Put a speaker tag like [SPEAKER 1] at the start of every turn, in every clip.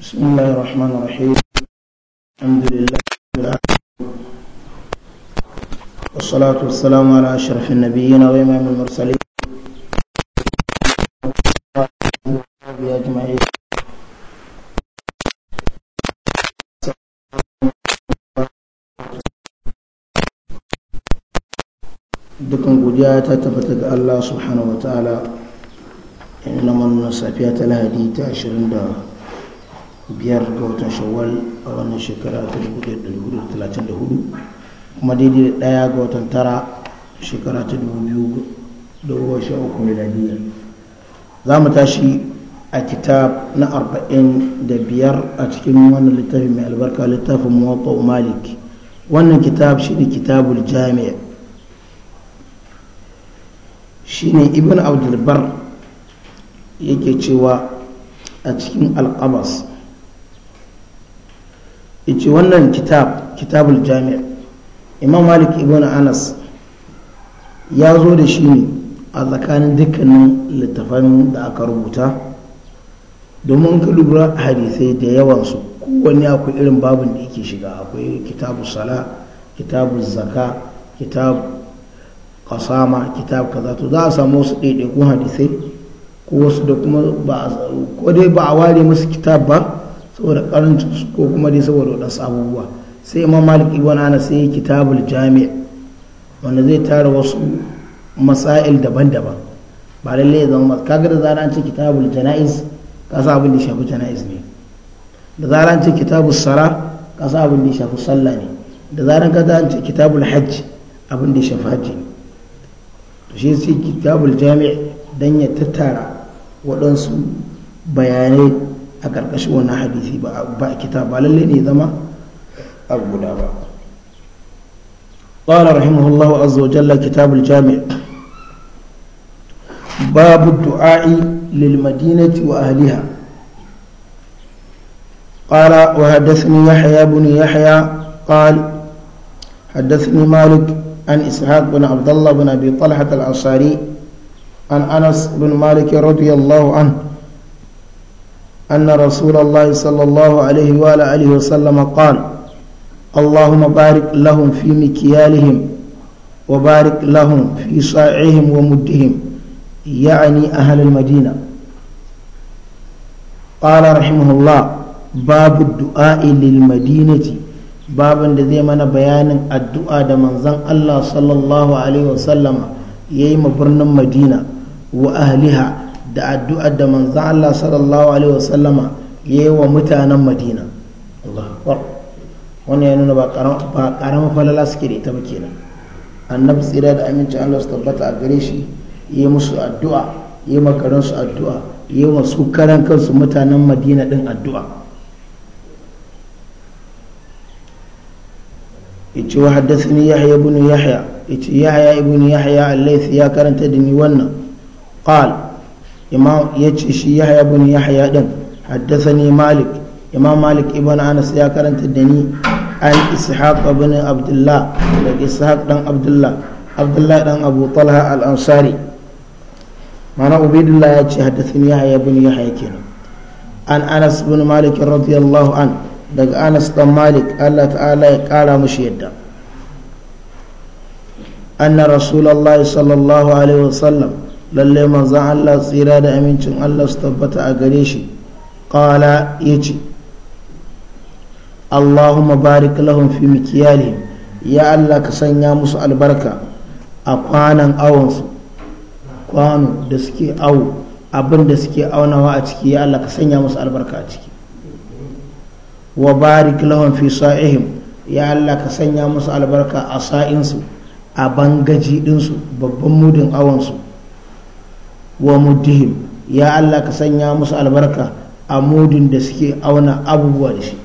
[SPEAKER 1] بسم الله الرحمن الرحيم الحمد لله والصلاة والسلام على أشرف النبيين وإمام المرسلين أجمعين dukkan godiya ta tabbata ga Allah subhanahu wa ta'ala inna man safiya lahadi ta 20 biyar ga watan shawwal a wannan shekara ta hudu kuma daidai da ɗaya ga watan tara shekara ta 2013 miladiyya za mu tashi a kitab na arba'in da biyar a cikin wannan littafin mai albarka littafin muwatta malik wannan kitab shi ne kitabul jami'a shi ne ibn abdulbar yake cewa a cikin alkabas yace wannan kitab kitabul jami' imam malik ibn anas ya zo da shi ne a tsakanin dukkanin littafan da aka rubuta domin ka lura hadisai da yawansu kowanne akwai irin babin da yake shiga akwai kitabu sala kitabu zaka kitabu kasama kitabu kaza to za a samu wasu ɗaiɗaikun hadisai ko wasu da kuma ba dai ba a ware musu kitab ba saboda karancin ko kuma dai saboda wadansu abubuwa sai imam malik ibn anas sai kitabul jami' wanda zai tara wasu masail daban-daban ba lalle ya zama kaga da zara an ce kitabul janaiz ka sa abin da shafi janaiz ne da zara an ce kitabul sara ka sa abin da shafi sallah ne da zara ka an ce kitabul hajj abin da shafi hajji ne to shi sai kitabul jami' dan ya tattara waɗansu bayanai a ƙarƙashin wannan hadisi ba kita ba lallai ne zama abu guda ba ƙwarar rahimahullahu azawajalla kitabu jami' babu du'a'i lilmadinati wa ahliha قال وحدثني يحيى بن يحيى قال حدثني مالك عن an بن bin الله بن ابي طلحه الانصاري عن انس بن مالك رضي الله عنه أن رسول الله صلى الله عليه وآله وسلم قال اللهم بارك لهم في مكيالهم وبارك لهم في صاعهم ومدهم يعني أهل المدينة قال رحمه الله باب الدعاء للمدينة باب الذي من بيان الدعاء من زن الله صلى الله عليه وسلم يي مبرن مدينة وأهلها da addu'ar da manzan Allah sallallahu alaihi wasallama ya yi wa mutanen madina wannan ya nuna ba karamin falala suke da ita ba kenan annabi tsira da amincin Allah su tabbata a gare shi ya yi musu addu'a ya yi su addu'a ya yi masu karan kansu mutanen madina din addu'a yace wa ni yahya ibn yahya yace yahya ibn yahya al ya karanta da ni wannan qala imam ya ce shi yahya bin yahya din haddathani malik imam malik ibn anas ya karanta da ni an ishaq bin abdullah daga ishaq dan abdullah abdullah dan abu talha al ansari mana ubaidullah ya ce haddathani yahya bin yahya kenan an anas bin malik radiyallahu an daga anas dan malik Allah ta'ala ya kara mushi yadda anna rasulullahi sallallahu alaihi wasallam lalle manzan Allah tsira da amincin Allah su tabbata a gare shi ya ce Allahumma barik lahum fi mikiyali ya Allah ka sanya musu albarka a kwanan awonsu kwano da suke awo abin da suke aunawa a ciki ya Allah ka sanya musu albarka a ciki wa barik lahum fi sa'ihim ya Allah ka sanya musu albarka a sa'insu a bangaji ɗinsu babban mudin awonsu wa muddihim ya Allah ka sanya musu albarka a mudin da suke auna abubuwa da shi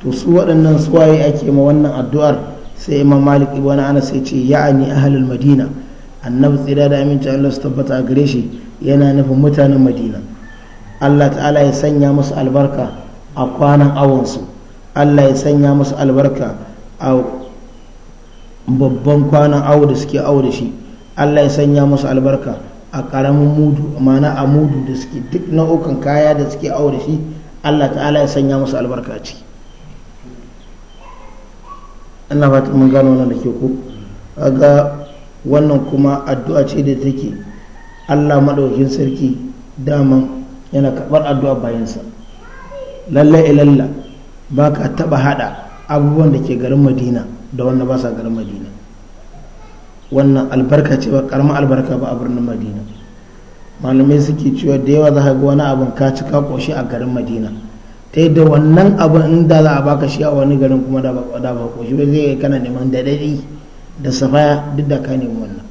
[SPEAKER 1] to su waɗannan suwaye ake ma wannan addu'ar sai imam malik ibn anas ya ce ani ahlul madina annabi tsira da aminci Allah su tabbata a gare shi yana nufin mutanen madina Allah ta'ala ya sanya musu albarka a kwanan su Allah ya sanya musu albarka a babban kwanan awo da suke awo da shi Allah ya sanya musu albarka a karamin mudu mana a mudu da suke duk nau'ukan kaya da suke aure shi Allah ta'ala ya sanya musu albarka a ciki ina ba mun gano wannan da ke ku ga wannan kuma addu'a ce da take Allah maɗaukin sarki dama yana karɓar addu'a bayansa lallai ilalla e ba ka taɓa haɗa abubuwan da ke garin madina da wanda ba sa garin madina wannan albarka ce ba karamar albarka ba a birnin madina malamai suke cewa da yawa za ka ga wani abin ka cika koshi a garin madina ta yadda wannan abin in da za a baka shi a wani garin kuma da ba da ba koshi ba zai kana neman daɗaɗi da safaya duk da ka nemi wannan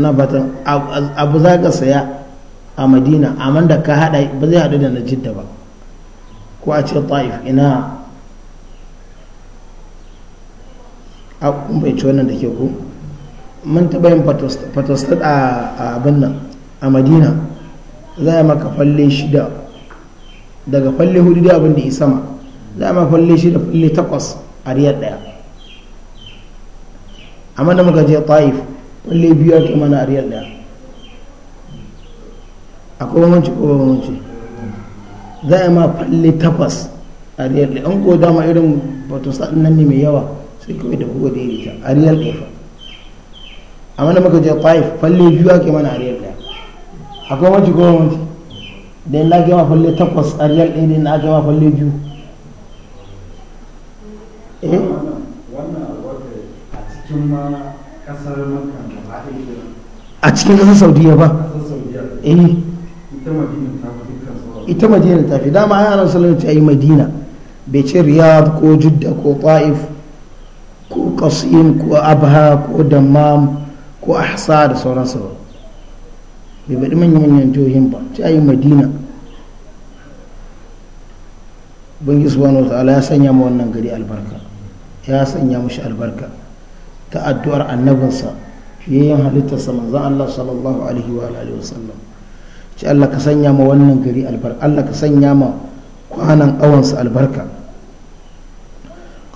[SPEAKER 1] ina fatan abu za ka saya a madina amma da ka haɗa ba zai haɗu da na jidda ba ko a ce ta'if ina a kumbaci wannan da ke ku mun taɓa yin fatostat a abin nan a madina za a maka falle shida daga falle hudu da abin da ya sama za a maka falle shida falle takwas a riyar ɗaya amma da muka je taif falle biyu ake mana a riyar ɗaya a mamanci ko mamanci za a ma falle takwas a riyar ɗaya an ko dama irin fatostat nan ne mai yawa sai kawai da buga daidaita a riyal ɗaya a mana maka je taif falle biyu ake mana a riyal ɗaya akwai wanci ko wanci da yin na gama falle takwas a riyal ɗaya yin na gama falle biyu eh a cikin ƙasar saudiya ba eh ita madina ta fi dama ayyana sallallahu alaihi wasallam ta yi madina bai ce riyad ko judda ko ta'if qasim ko abha ko dammam ko ahsa da sauransu ba bai baɗi manyan jihohin ba ta yi madina bangi subhanahu ta'ala ya sanya ma wannan gari albarka ya sanya mashi albarka ta addu'ar annabinsa fiye yin halittarsa manzan Allah sallallahu alaihi wa alihi wa sallam ci Allah ka sanya ma wannan gari albarka Allah ka sanya ma kwanan awansa albarka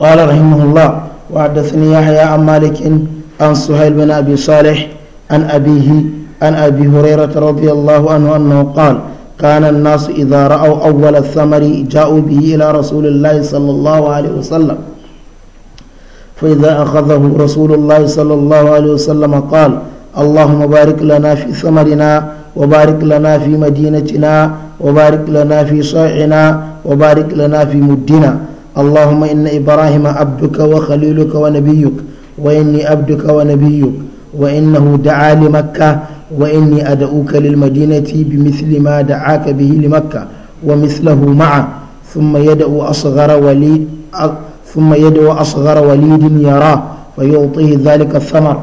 [SPEAKER 1] qala rahimahullah وحدثني يحيى عن مالك عن سهيل بن أبي صالح عن أبيه عن أبي هريرة رضي الله عنه أنه قال كان الناس إذا رأوا أول الثمر جاءوا به إلى رسول الله صلى الله عليه وسلم فإذا أخذه رسول الله صلى الله عليه وسلم قال اللهم بارك لنا في ثمرنا وبارك لنا في مدينتنا وبارك لنا في صاعنا وبارك لنا في مدنا اللهم إن إبراهيم عبدك وخليلك ونبيك وإني عبدك ونبيك وإنه دعا لمكة وإني أدعوك للمدينة بمثل ما دعاك به لمكة ومثله معه ثم يدعو أصغر وليد ثم يدعو أصغر وليد يراه فيعطيه ذلك الثمر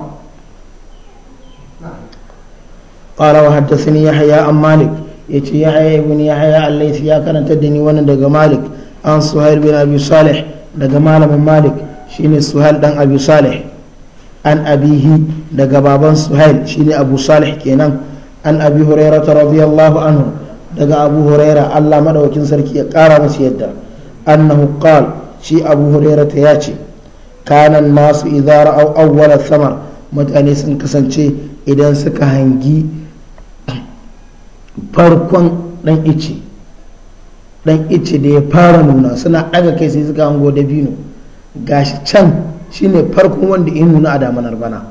[SPEAKER 1] قال وحدثني يحيى عن مالك يتي يحيى بن يحيى الليثي يا كانت الدنيا وانا مالك an suhail bin abi salih daga malamin malik shine suhail dan abi salih an abihi daga baban suhail shine abu salih kenan an abi hurairah radiyallahu anhu daga abu huraira allah maɗaukin sarki ya kara masa yadda annahu qal shi abu huraira ta ya ce kanan nasu idza ra'aw awwala samar mutane sun kasance idan suka hangi farkon dan ice dan ice da ya fara nuna suna ɗaga kai sai suka hango dabino gashi can shine farkon wanda in nuna a damanar bana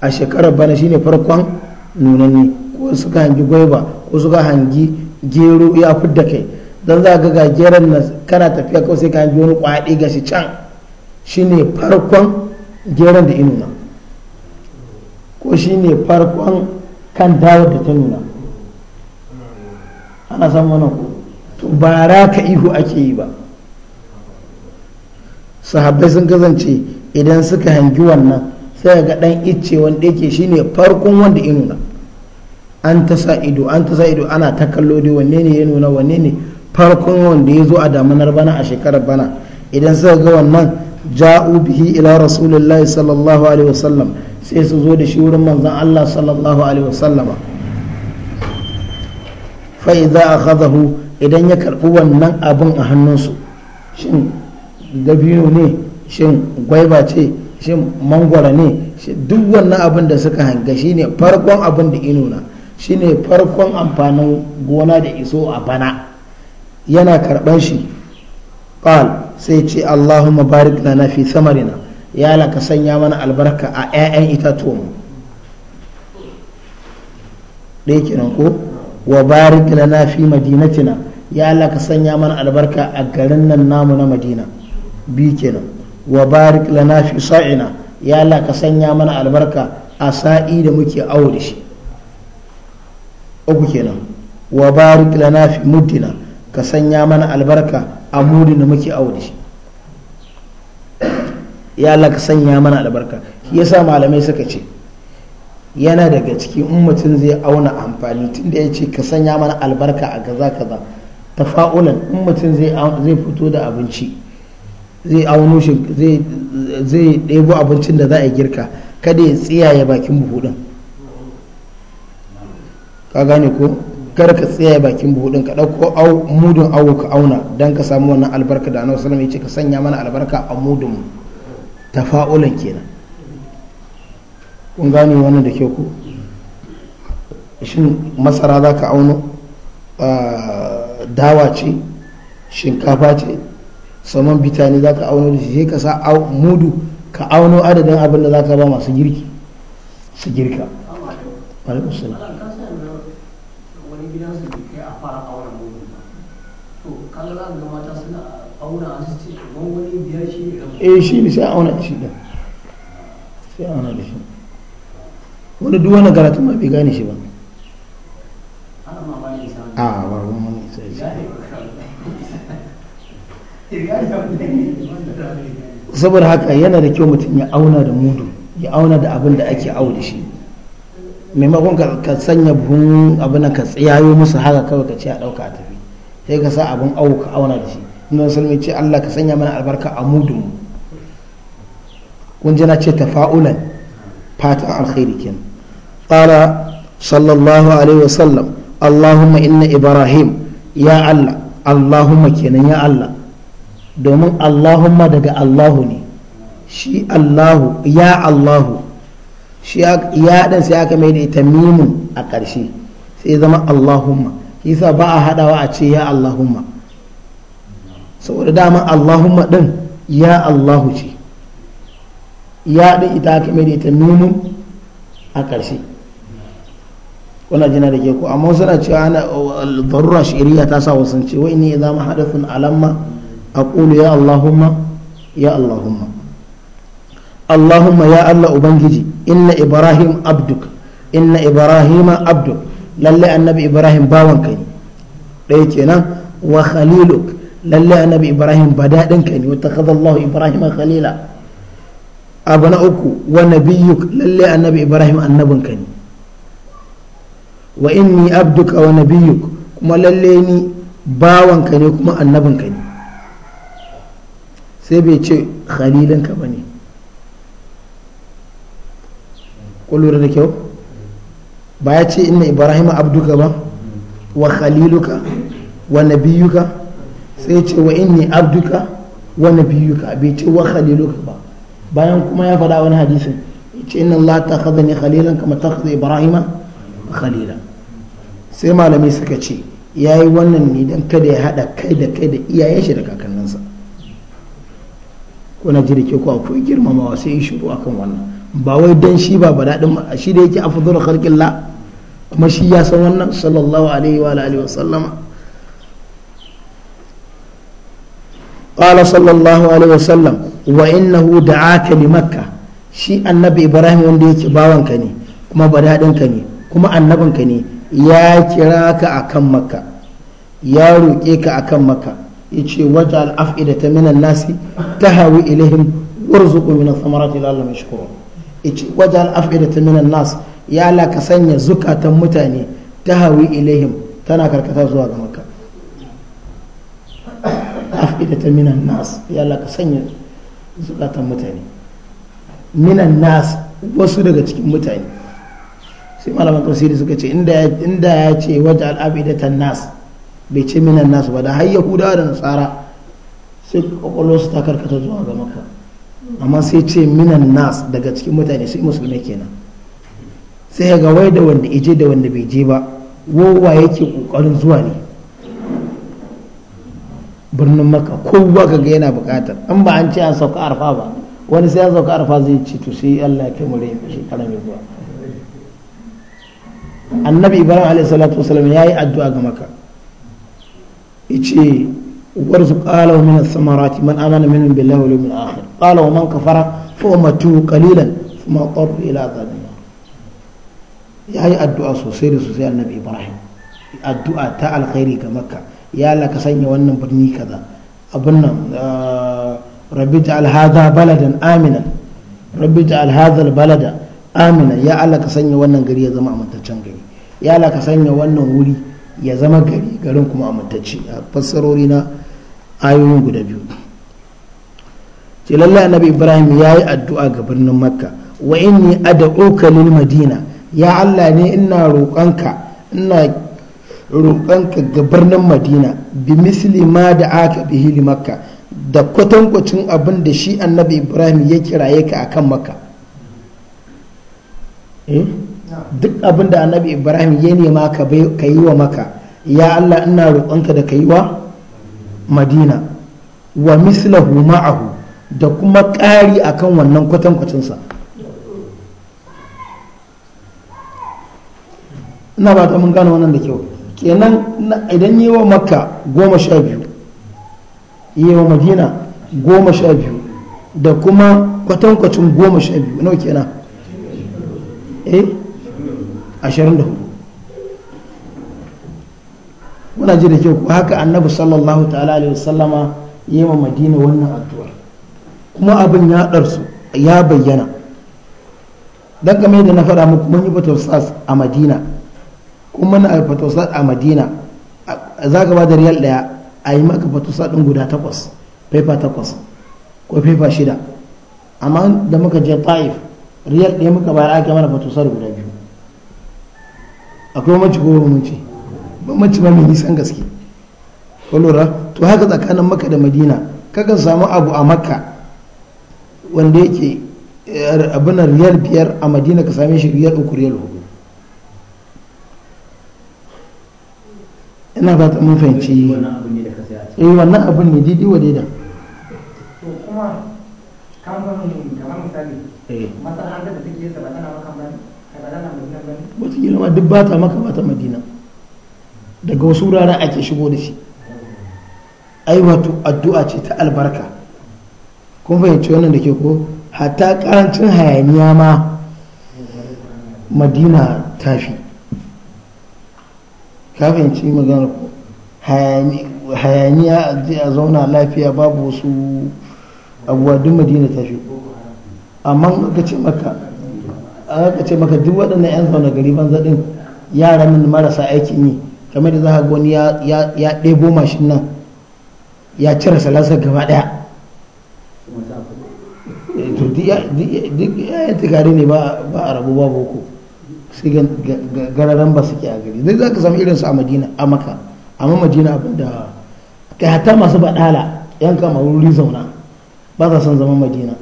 [SPEAKER 1] a shekarar bana shine farkon nuna ne. ko suka hangi gwaiba ko suka hangi gero ya fidda kai don za ga geran nan kana tafiya ko sai ka hangi wani kwaɗi gashi can shine farkon geron da in nuna. ko shine farkon kan dawar da ta nuna ana san wannan to ba ka ihu ake yi ba sahabbai sun kasance idan suka hangi wannan sai ga dan icce wanda yake shine farkon wanda ya nuna an ta sa ido an ta sa ido ana ta kallo dai wanne ne ya nuna wanne ne farkon wanda ya zo a damanar bana a shekarar bana idan suka ga wannan ja'u bihi ila rasulullahi sallallahu alaihi wasallam sai su zo da shi wurin manzon Allah sallallahu alaihi wasallama fa idza akhadahu idan ya karɓi wannan abin a hannunsu shin dabino ne shin gwaiba ce shin mangwara ne duk wannan abin da suka hanga shine farkon abin da inuna shine farkon amfanin gona da iso a bana yana karɓar shi ƙal sai ce allahumma barik lana fi samarina ya laka sanya mana albarka a 'ya'yan mu? ɗaya kenan ko wa barik lana fi madinatina ya Allah ka sanya mana albarka a garin nan namu na madina bi kenan wa barik lana fi sa'ina ya Allah ka sanya mana albarka a sa'i da muke awo da shi uku kenan wa barik lana fi muddina ka sanya mana albarka a mudin da muke awo da shi ya Allah ka sanya mana albarka yasa malamai suka ce yana daga ciki in mutum zai auna amfani tunda ya ce ka sanya mana albarka a kaza kaza tafa'ulan in mutum zai fito da abinci zai auno shi zai ɗebo abincin da za a girka kada ya tsiyaye bakin buhu ɗin ka gane ko kar ka tsiyaye bakin buhu ɗin ka ɗauko mudun awo ka auna don ka samu wannan albarka da annabi sallallahu alaihi wasallam ya ce ka sanya mana albarka a mudun tafa'ulan kenan kun gane wannan da ke ku shin masara za ka auno dawa ce shinkafa ce saman bitane za ka auno da shi ka sa mudu ka auno adadin abin da za ka ba masu girki su girka eh shi ne sai auna da shi da sai auna da shi wani duk wani karatu ma bai gane shi ba
[SPEAKER 2] a ba wani
[SPEAKER 1] saboda haka yana da kyau mutum ya auna da mudu ya auna da abin da ake au da shi maimakon ka sanya buhun abin ka tsayayo musu haka kawai ka ce a ɗauka a tafi sai ka sa abin au ka auna da shi inda musulmi ce Allah ka sanya mana albarka a mudu mu kun ce tafa'ulan fatan alkhairi kenan قال صلى الله عليه وسلم اللهم إن إبراهيم يا الله اللهم كنا يا الله domin Allahumma daga Allahu ne shi Allahu ya Allahu ya dan sai aka mai da ita mimun a ƙarshe sai zama Allahumma yasa ba a hadawa a ce ya Allahumma saboda dama Allahumma din ya Allahu ce ya dan ita aka mai da ita a ƙarshe kuna jina da ke ko amma wasu na cewa ana darura shari'a ta sa wasan ce wai ne zama sun alamma aqulu ya allahumma ya allahumma allahumma ya allah ubangiji inna ibrahim abduk inna ibrahim abduk lalle annabi ibrahim bawan ka ne ɗaya kenan wa khaliluk lalle annabi ibrahim badadin ka ne wata kaza allah ibrahim khalila abu na uku wa nabiyuk lalle annabi ibrahim annabin ka ne wa inni abduka wa nabiyyuk kuma lalle ni bawanka ne kuma annabinka ne sai bai ce khalilinka ba ne lura da kyau ba ya ce inna ibrahim abduka ba wa khaliluka wa nabiyuka sai ce wa inni abduka wa nabiyuka bai ce wa khaliluka ba bayan kuma ya faɗa wani hadisin ce inna allah ta khadani khalilan kama ta ibrahima khalila sai malami suka ce ya yi wannan ne don kada ya haɗa kai da kai da iyayen shi da kakanninsa kuna ji da ke ko akwai girmamawa sai yi shiru akan wannan ba wai don shi ba daɗin shi da yake afdalul khalqillah kuma shi ya san wannan sallallahu alaihi wa alihi wa sallama قال صلى الله عليه وسلم وإنه دعاك لمكة shi annabi ibrahim wanda yake bawanka ne kuma badadinka ne kuma annabinka ne ya kira ka akan makka ya roƙe ka akan makka ya ce wata al'af'ida ta minan nasi ta hawi ilihim warzuku minan samarati lalama shukuru ya ce wata da ta minan nasi ya la ka sanya zukatan mutane ta hawi ilihim tana karkata zuwa ga makka af'ida ta minan nas ya la ka sanya zukatan mutane minan nas wasu daga cikin mutane sai malaman tafsiri suka ce inda ya ce waje wajen al'abidatan nas bai ce minan nasu ba da har yahudawa da nasara sai kwakwalwar su ta karkata zuwa ga maka amma sai ce minan nas daga cikin mutane sai musulmi kenan sai ga wai da wanda ije da wanda bai je ba wowa yake kokarin zuwa ne birnin maka kowa ga yana bukatar an ba an ce an sauka arfa ba wani sai an sauka arfa zai ci to sai allah ya kai mu shekara mai zuwa annabi ibrahim alaihi salatu ya yi addu'a ga maka yace warzuq qala min as-samarati man amana minhum billahi wal yawmil akhir qala man kafara fa kalilan qalilan thumma qar ila ya yi addu'a sosai da sosai annabi ibrahim addu'a ta alkhairi ga makka ya Allah ka sanya wannan birni kaza abin nan rabbi ja'al hadha baladan aminan rabbi ja'al hadha balada amina ya Allah ka sanya wannan gari ya zama amintaccen gari ya Allah ka sanya wannan wuri ya zama gari garin kuma amintacce a fassarori na ayoyin guda biyu ce annabi ibrahim ya yi addu'a ga birnin makka wa inni ad'uka lil madina ya Allah ne ina roƙonka ina roƙonka ga birnin madina bi misli ma da aka bihi makka da kwatankwacin abin da shi annabi ibrahim ya kiraye ka akan makka Eh? duk abin da annabi ibrahim ya nema ka yi wa maka ya allah ina roƙonka da ka yi wa madina wa mislahu ma'ahu da kuma ƙari akan wannan kwatankwacinsa ina ba ta mun gano wannan da kyau kenan idan yi wa maka goma sha biyu yi wa madina goma sha biyu da kuma kwatankwacin goma sha biyu nau kenan eh 24 muna ji da kyau ko haka annabi sallallahu ta'ala alaihi wasallama yi ma madina wannan addu'ar kuma abin ya ɗarsu ya bayyana don kamar yadda na faɗa muku mun yi fatosas a madina kuma yi fatosas a madina za ka ba da riyal ɗaya a yi maka fatosas ɗin guda takwas faifa takwas ko faifa shida amma da muka je ta'if riyal ɗaya muka bayar aka mana fatusar guda biyu akwai mace goma mace mace ba mai nisan gaske ko to haka tsakanin maka da madina kakan samu abu a makka wanda yake eh, abin riyal biyar a madina ka same shi riyar uku riyal hudu ina ba ta mun fahimci wannan abin eh, ne didi wa daida wataƙila ma duk bata maka bata madina daga wasu wuraren ake shigo da shi ai wato addu'a ce ta albarka kun fahimci wannan da ke ko hatta karancin hayaniya ma madina ta fi ka fahimci maganar ko hayaniya a zauna lafiya babu wasu abuwa duk madina ta fi amma ka ce maka aka ce maka duk waɗannan 'yan zaune gari banza ɗin yara min marasa aikin yi kamar da za ka wani ya ɗebo mashin nan ya cire salasar gaba ɗaya eh, to duk ya tukari ne ba a rabu ba boko sai gararan ba suke a gari zai za ka samu irinsu a madina a maka amma madina abinda kai hatta masu baɗala yan kama wuri zauna ba sa son zama madina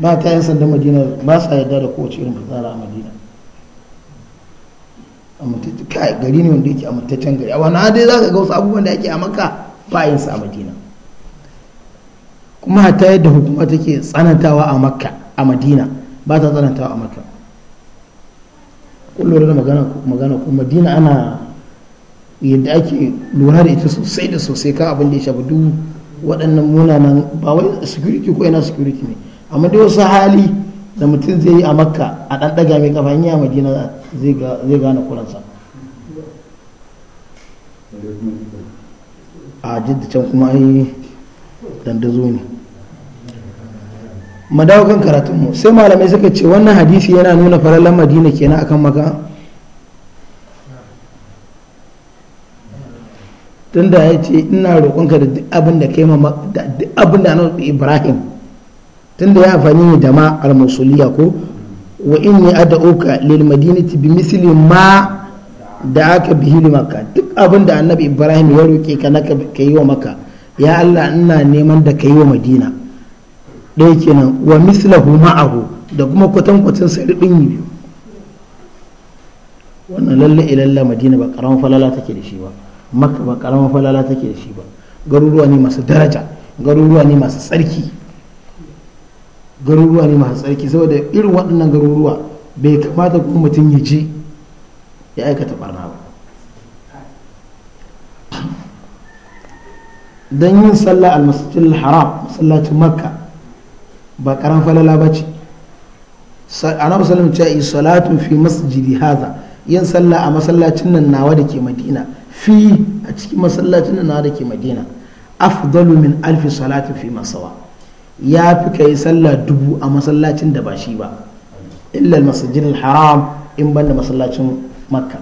[SPEAKER 1] ba ta yin sanda madina ba sa yarda da kowace irin fitsara a madina kai gari ne wanda yake a mutaccen gari a wani dai za ka ga wasu abubuwan da ake a maka bayan sa a madina kuma ta yadda hukuma take tsanantawa a makka a madina ba ta tsanantawa a makka kullum lura da magana ko madina ana yadda ake lura da ita sosai da sosai ka abin da ya shafi duk waɗannan munanan ba wai security ko yana security ne amma dai wasu hali da mutum zai yi a makka a ɗan ɗaga mai kafa ya madina zai gane kuransa a jidda can kuma yi dandazo ne madawakan karatunmu sai malamai suka ce wannan hadisi yana nuna farallan madina kenan akan maka tunda ya ce ina roƙonka da duk abin da kai da duk abin da ibrahim tunda ya fani ne da ma al-musuliya ko wa inni ad'uka lil madinati bi misli ma da aka bihi maka duk abin da annabi ibrahim ya roƙe ka na ka wa maka ya allah ina neman da ka yi wa madina ɗaya kenan wa mislahu ma'ahu da kuma kwatankwacin sa ribin biyu wannan lalle ilalla madina ba karamin falala take da shi ba maka ba karamar falala take da shi ba garuruwa ne masu daraja garuruwa ne masu tsarki garuruwa ne masu tsarki saboda irin waɗannan garuruwa bai kamata kuma mutum ya je ya aikata barna ba don yin sallah al masjidil haram masallacin makka ba karan falala ba ce annabi sallallahu alaihi a ce salatu fi masjidi haza yin sallah a masallacin nan nawa da ke madina fi a cikin masallacin na da ke madina afdalu min alfi salati fi masawa ya fi kai sallah dubu a masallacin da ba shi ba illa masjid haram in banda masallacin makka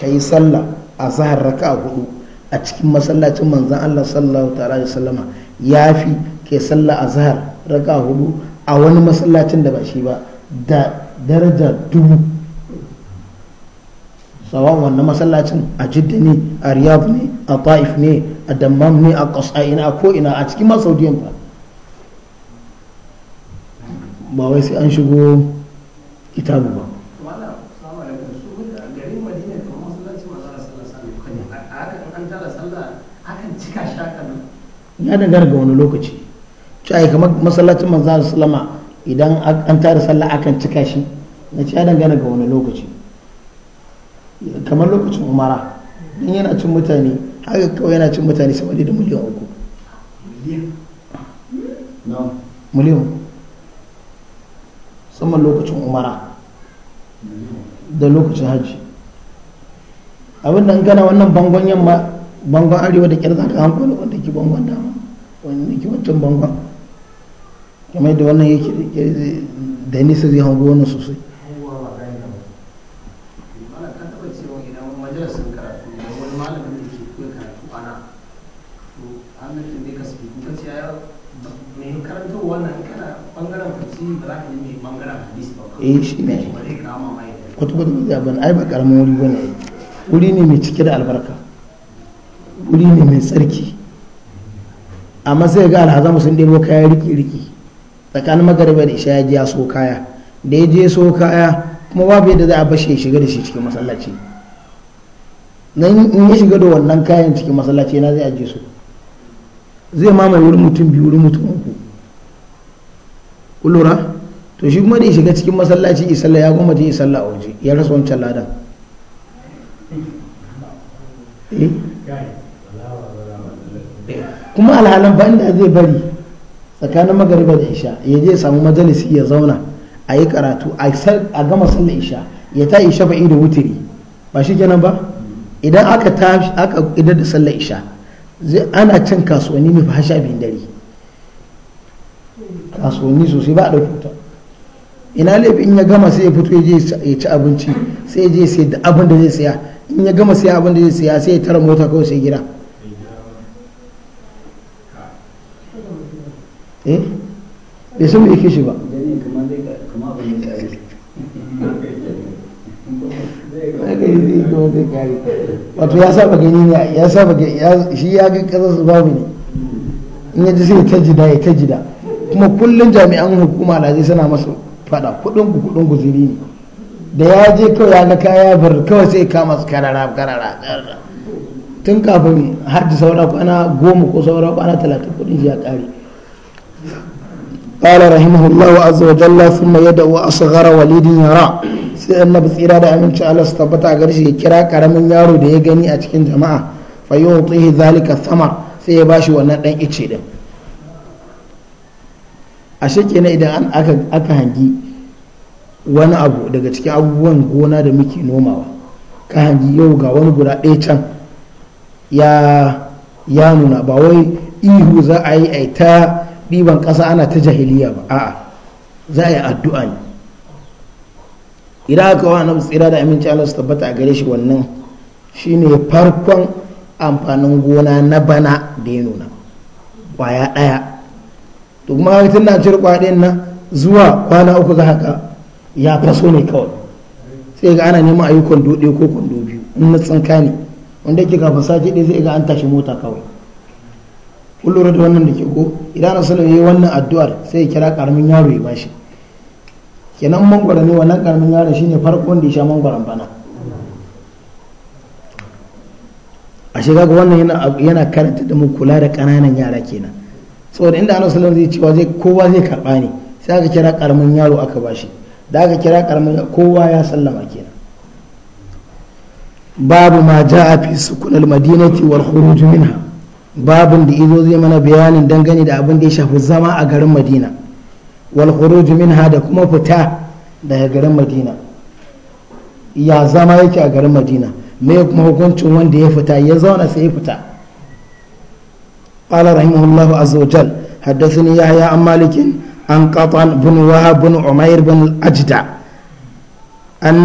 [SPEAKER 1] kai sallah a zahar raka hudu a cikin masallacin manzan Allah sallallahu ta'ala alaihi sallama ya fi kai sallah a zahar raka hudu a wani masallacin da ba shi ba da daraja dubu tsawon wannan masallacin a jidda ne a riyab ne a ta'if ne a dammam ne a ƙasa'ina a ko'ina a cikin ma saudiyan ba ba wai sai an shigo kitabu ba ya dangana ga wani lokaci ci a yi kamar masallacin manzo sulama idan an tara sallah akan cika shi na ci ya dangana ga wani lokaci kamar lokacin umara don yana cin mutane haka kawai yana cin mutane sama da miliyan uku miliyan saman lokacin umara da lokacin hajji abin da gana wannan bangon yamma bangon arewa da kyar zaka hankali wanda ke bangon dama wanda ke wancan bangon kamar da wannan yake da nisa zai hango wannan sosai eh shi ne ba ai ba karamin wuri bane wuri ne mai cike da albarka wuri ne mai tsarki amma sai ga alhazamu sun ɗebo kaya riki-riki tsakanin magariba da isha ya ji ya so kaya da ya je so kaya kuma babu yadda za a bashe shiga da shi cikin masallaci nan in ya shiga da wannan kayan cikin masallaci na zai aje su zai mamaye wurin mutum biyu wurin mutum uku kullura to shi kuma da ya shiga cikin masallaci isalla ya goma je sallah a waje ya rasa wancan ladan eh? kuma alhalan ba inda zai bari tsakanin magariba da isha ya je samu majalisi ya zauna a yi karatu a gama sallar isha ya ta isha ba'i da wutiri ba shi kenan ba idan aka tashi aka idar da sallar isha ana cin kasuwanni mai fasha bin dare kasuwanni sosai ba a ɗauki wuta ina laifi in ya gama sai ya fito ya je ya ci abinci sai ya je sai da abin da zai saya in ya gama sai abin da zai saya sai ya tara mota kawai sai gida eh bai san me yake shi ba wato ya saba gani ne ya saba gani shi ya ga kasar su babu ne in ya ji sai ta jida ya ta jida kuma kullum jami'an hukuma da zai sana masu fada kudin ne da ya je kawai ya ga kaya bar kawai sai kama su karara karara tun kafin hajji saura kwana goma ko saura kwana talatin kudin shi ya kare قال رحمه الله عز وجل ثم يدعو أصغر وليد yara sai annabi tsira da aminci Allah su tabbata a garshe ya kira karamin yaro da ya gani a cikin jama'a fa yu'tihi zalika sama sai ya bashi wannan dan ice din a ashe na idan aka hangi wani abu daga cikin abubuwan gona da muke nomawa ka hangi yau ga wani guda ɗaya can ya nuna ba wai ihu za a yi a ta ɗiban ƙasa ana ta jahiliya ba a'a za a yi addu'a ne idan aka wa annabi tsira da aminci Allah su tabbata a gare shi wannan shine farkon amfanin gona na bana da ya nuna ƙwaya ɗaya to kuma haka tun na cire kwaɗin nan zuwa kwana uku za haka ya faso ne kawai sai ga ana neman ayi kwando ɗaya ko kwando biyu in na tsanka ne wanda yake kafin sati ɗaya sai ga an tashi mota kawai kun lura da wannan da ke ko idan na sanar yi wannan addu'ar sai ya kira karamin yaro ya bashi kenan mangwara ne wannan karamin yaro shine farko da ya sha mangwaran bana a shiga ga wannan yana karanta da mu kula da ƙananan yara kenan saboda inda ana sallar zai cewa zai kowa zai karba ne sai aka kira karamin yaro aka ba shi da aka kira karamin kowa ya sallama kenan babu ma a fi sukunal madinati wal khuruj minha babun da izo zai mana bayanin dangane da abin da ya shafi zama a garin madina wal khuruj minha da kuma fita daga garin madina ya zama yake a garin madina me kuma hukuncin wanda ya fita ya zauna sai ya fita قال رحمه الله عز وجل حدثني يحيى عن مالك عن قطن بن وهب بن عمير بن الأجدع أن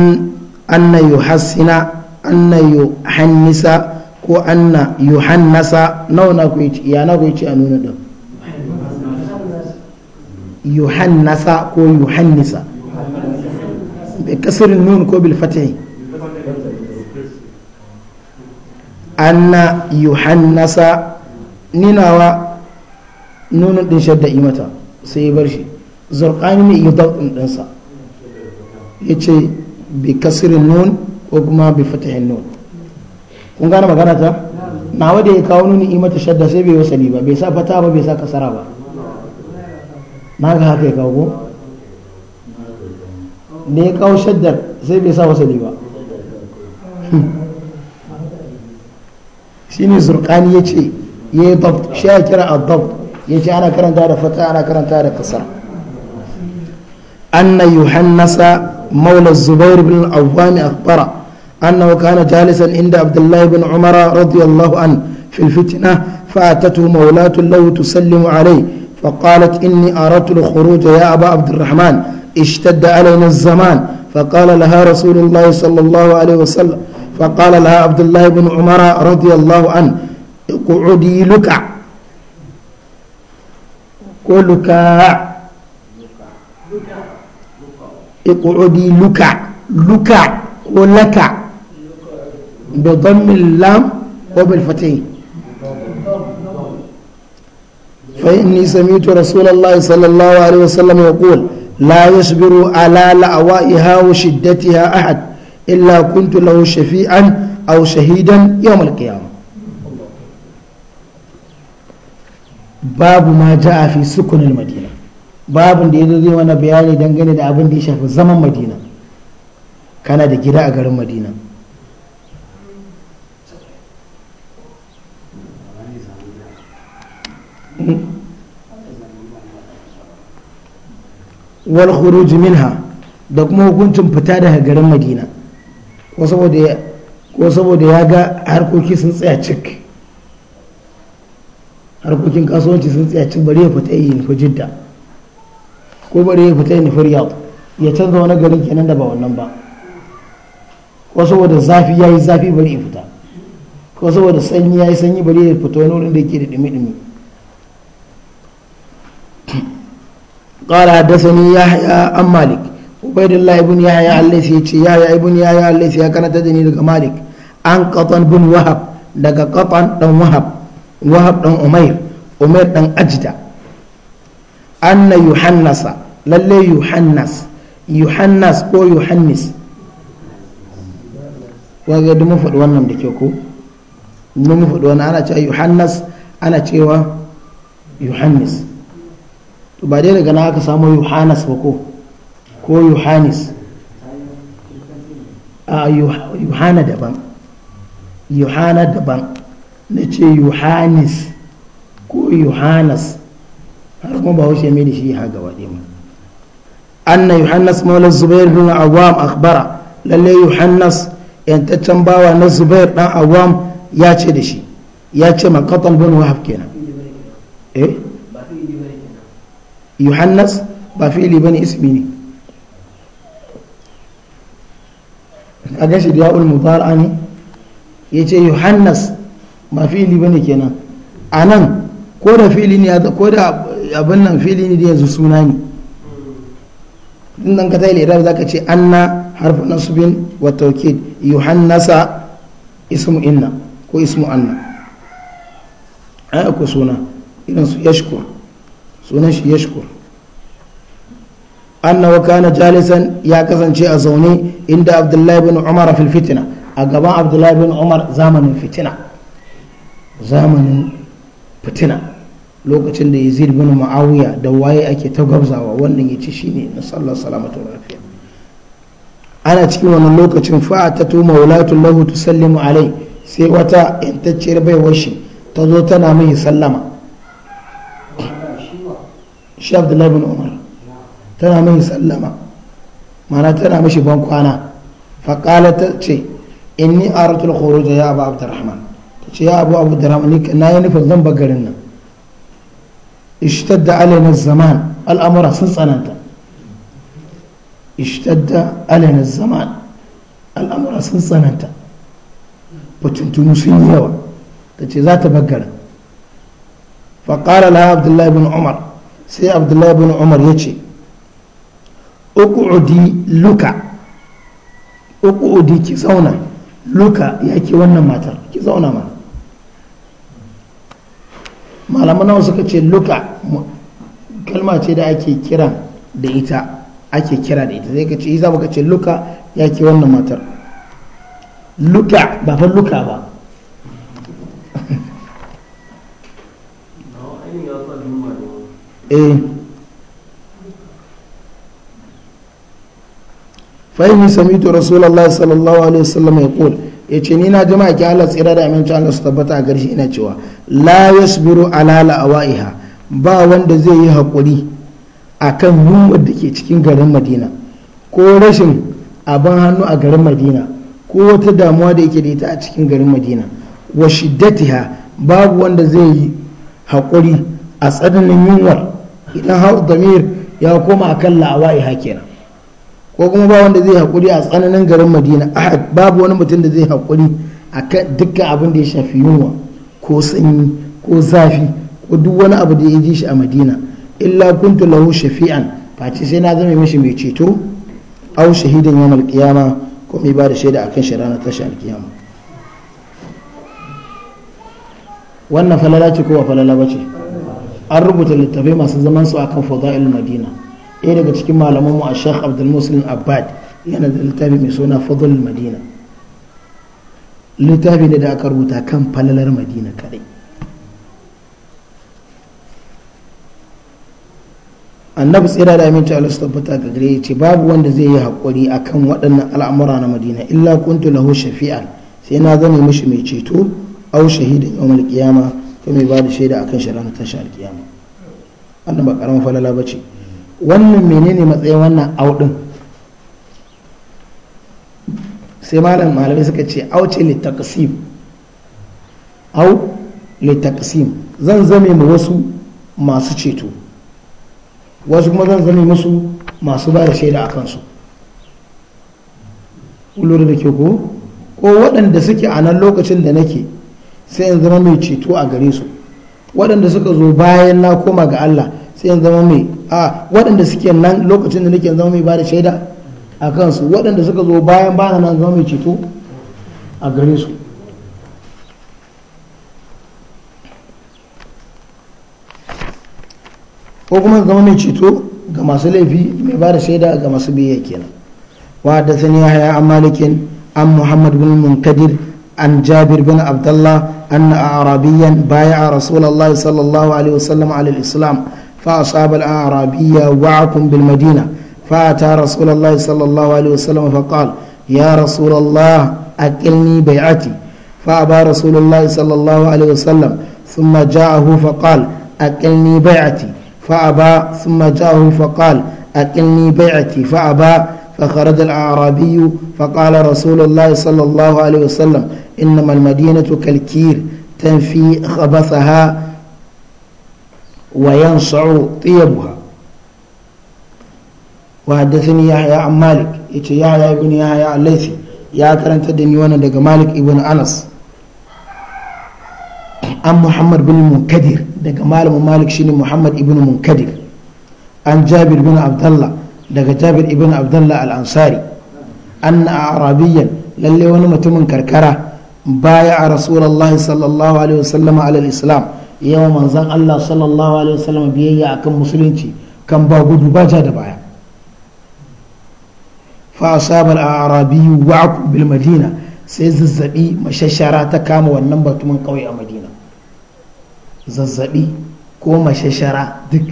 [SPEAKER 1] أن يحسن أن يحنس كو أن يحنس نو نقويت يا نقويت أن ندم يحنس كو يحنس بكسر النون كو بالفتح أن يحنس ninawa nunin din shadda imata sai ya bar shi zarqani ne ya din ɗinsa ya ce bi kasirin nun ko kuma bi fatahin nun kun gane magana ta na wadda ya kawo nuni imata shadda sai bai wasali ba bai sa fata ba bai sa kasara ba na ga haka ya kawo ne ya kawo shaddar sai bai sa wasali ba shi ne zurkani ya ce ya yi dabt shi ya kira a ya ce ana karanta da fata ana karanta da kasar anna yuhannasa maula zubair bin awwami akhbara annahu kana jalisan inda abdullahi bin umara radiyallahu an في الفتنة فأتته مولاة له تسلم عليه فقالت إني أردت الخروج يا أبا عبد الرحمن اشتد alayna الزمان فقال لها رسول الله صلى الله عليه وسلم فقال لها عبد الله بن عمر رضي اقعدي لكع ولكاع اقعدي لكع لكع ولكع بضم اللام وبالفتحين فإني سمعت رسول الله صلى الله عليه وسلم يقول لا يصبر على لأوائها وشدتها أحد إلا كنت له شفيعا أو شهيدا يوم القيامة babu ma ja'a fi sukunin madina babu da ya zai mana bayani dangane da abin da ya shafi zaman madina kana da gida a garin madina wal khuruj minha da kuma hukuncin fita daga garin madina ko saboda ya ga harkoki sun tsaya cik harkokin kasuwanci sun tsaya cin bari ya fita yi nufi jidda ko bari ya fita yi nufi riyad ya canza wani garin kenan da ba wannan ba ko saboda zafi ya yi zafi bari ya fita ko saboda sanyi ya yi sanyi bari ya fita wani wurin da yake da dumi-dumi قال ibn يحيى عن مالك عبيد الله بن يحيى الليثي يحيى sai ya الليثي da ni daga malik an قطن bin wahab daga قطن بن wahab. wahab ɗan umair umair dan ajida. anna yuhannasa lalle yuhannas yuhannas ko yuhannis waga da mun faɗi wannan da ke ku, mun faɗi wannan ana cewa yuhannas ana cewa yuhannis to ba dai daga na aka samu yuhannas ba ko ko yuhannis a yuhana daban yuhana daban na ce yohannes ko yohanas har kuma ba haushe mai da shi ha gaba ɗaya anna yohanas maula zubair bin awam akbara lalle yohanas yantaccen bawa na zubair dan awam ya ce da shi ya ce makatal bin wahab kenan eh yohanas ba fi'ili bane ismi ne a gashi da ya'ul mudara ani ya ce yohanas ba fi'ili bane kenan a nan ko da fi'ili ne ko da abin nan fi'ili ne da yanzu suna ne in ka tayi lera za ka ce anna harfu nasbin wa tawkid yuhannasa ismu inna ko ismu anna ai akwai suna irin su yashkur sunan shi yashkur anna wa kana jalisan ya kasance a zaune inda abdullahi bin umar fil fitina a gaban abdullahi bin umar zamanin fitina zamanin fitina lokacin da yazid bin ma'awiya da waye ake ta gwabzawa wannan ya ci shine na sallar salamatu lafiya ana cikin wannan lokacin ta fa'atatu maulatu lahu tusallimu alai sai wata yantacciyar baiwar shi ta zo tana mai sallama shi abdullahi bin umar tana mai sallama mana tana mashi ban kwana faƙala ta ce inni aratul khuruj ya abu abdurrahman ce ya abu abu darama na yi nufin zan bagarin nan ishtadda alayna zaman al'amura sun tsananta ishtadda alayna zaman al'amura sun tsananta fitintunu sun yi yawa ta ce za ta garin faƙara la abdullahi bin umar sai abdullahi bin umar ya ce uku'udi luka uku'udi ki zauna luka ya ke wannan matar ki zauna mana malaman nawa suka ce luka kalma ce da ake kira da ita ake kira da ita sai ka ce isa baka ce luka ya ke wannan matar luka ba fa luka ba eh fahimi samitu rasulallah sallallahu alaihi wasallam ya kul ya ce ni na jama'a ki Allah tsira da aminci Allah su tabbata a garshi ina cewa la yasbiru ala la'awaiha ba wanda zai yi haƙuri a kan yunwa da ke cikin garin madina ko rashin abin hannu a garin madina ko wata damuwa da yake da ita a cikin garin madina wa shiddatiha babu wanda zai yi haƙuri a tsananin yunwar idan har damir ya koma a akan la'awaiha kenan ko kuma ba wanda zai haƙuri a tsananin garin madina babu wani mutum da zai haƙuri a dukkan abin da ya shafi yunwa ko sanyi ko zafi ko duk wani abu da ya ji shi a madina illa kuntu lahu shafi'an face sai na zama mishi mai ceto au shahidan yawmal qiyama ko mai ba da shaida akan shi ranar tashi alkiyama wannan falala ce ko ba falala ba ce an rubuta littafai masu zaman su akan fadail madina ɗaya daga cikin malaman mu a shekh abdul muslim abbad yana da littafi mai suna fadlul madina littafi da aka rubuta kan falalar madina kadai annabi tsira da aminci allah tabbata ga gare ce babu wanda zai yi haƙuri a kan waɗannan al'amura na madina illa kuntu lahu shafi'a sai na zame mashi mai ceto au shahidin yawmal qiyama ko mai ba da shaida akan shi ranar tashi alƙiyama wannan ba ƙaramin falala ba ce wannan menene matsayin wannan auɗin? sai malam malamai suka ce auce litaqsim au litaqsim zan zame ma wasu masu ceto wasu kuma zan zame musu masu ba da shaida a kansu lura da ke ko ko waɗanda suke a nan lokacin da nake sai in zama mai ceto a gare su waɗanda suka zo bayan na koma ga Allah sai in zama mai a waɗanda suke nan lokacin da nake zama mai ba da shaida a kansu waɗanda suka zo bayan bana na zama mai ceto a gare su ko kuma zama mai ceto ga masu laifi mai ba da shaida ga masu biyayya kenan wa ya yahya an malikin an muhammad bin munkadir an jabir bin abdullah anna arabiyan baya rasulallah sallallahu alaihi wasallam ala islam fa asaba a'rabiya arabiyya wa'akum bil madina فأتى رسول الله صلى الله عليه وسلم فقال يا رسول الله أكلني بيعتي فأبى رسول الله صلى الله عليه وسلم ثم جاءه فقال أكلني بيعتي فأبى ثم جاءه فقال أكلني بيعتي فأبى فخرج الأعرابي فقال رسول الله صلى الله عليه وسلم إنما المدينة كالكير تنفي خبثها وينصع طيبها وحدثني يحيى عن مالك يتي يحيى بن يحيى الليثي يا كرنت دني وانا دغ مالك ابن انس عن محمد بن منكدر دغ مالك مالك شيني محمد ابن منكدر عن جابر بن عبد الله دغ جابر ابن عبد الله الانصاري ان اعرابيا للي وانا متمن كركره بايع رسول الله صلى الله عليه وسلم على الاسلام يوم منزل الله صلى الله عليه وسلم بيي اكن مسلمتي كان با غدو باجا da baya fa asaba al-arabi wa'ku bil madina sai zazzabi mashashara ta kama wannan batumin kawai a madina zazzabi ko mashashara duk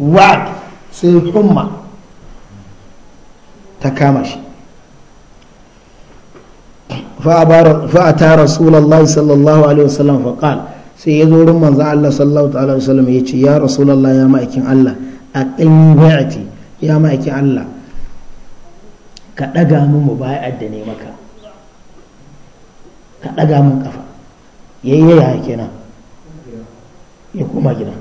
[SPEAKER 1] wa'k sai kuma ta kama shi Fa fa'ata rasulallah sallallahu alaihi wasallam faqal sai ya zo wurin manzo Allah sallallahu alaihi wasallam ya ce ya rasulallah ya ma'aikin Allah a aqim ya ma'aikin Allah ka ɗaga min mu bayar da ne maka ka ɗaga min ƙafa ya yi yaya kenan ya koma gida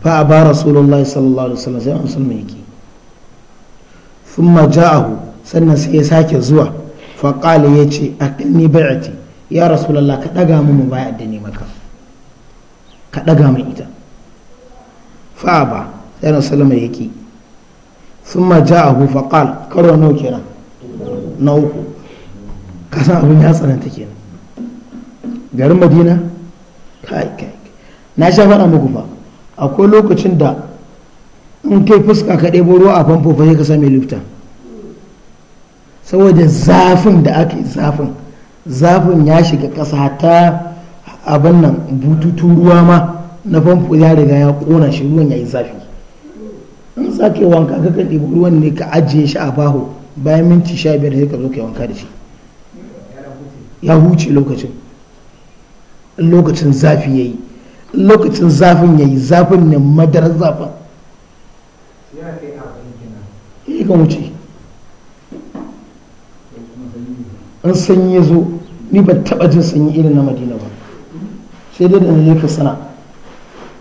[SPEAKER 1] fa a ba rasulullahi sallallahu alaihi wasallam sai an sulma yake thumma ja'ahu sannan sai ya sake zuwa fa qala yace aqni bai'ati ya rasulullah ka ɗaga mu mubai'a da ni maka ka ɗaga mu ita fa ba sai an sulma yake sun ma ja a hufa ƙal karo nau kenan na uku kasan abin ya tsananta kenan garin madina kai kai na sha faɗa muku fa akwai lokacin da in kai fuska ka ɗebo ruwa a famfo fa sai ka same lifta saboda zafin da aka yi zafin zafin ya shiga ƙasa ta abin nan bututun ruwa ma na famfo ya riga ya ƙona shi ruwan ya yi zafi in za wanka ka kan ɗibi ruwan ne ka ajiye shi a baho bayan minti sha biyar sai ka zo ka wanka da shi ya huce lokacin lokacin zafi ya yi lokacin zafin ya yi zafin ne madarar zafin ya kan wuce in sanyi ya zo ni ba taɓa jin sanyi irin na madina ba sai dai da na sana ka sana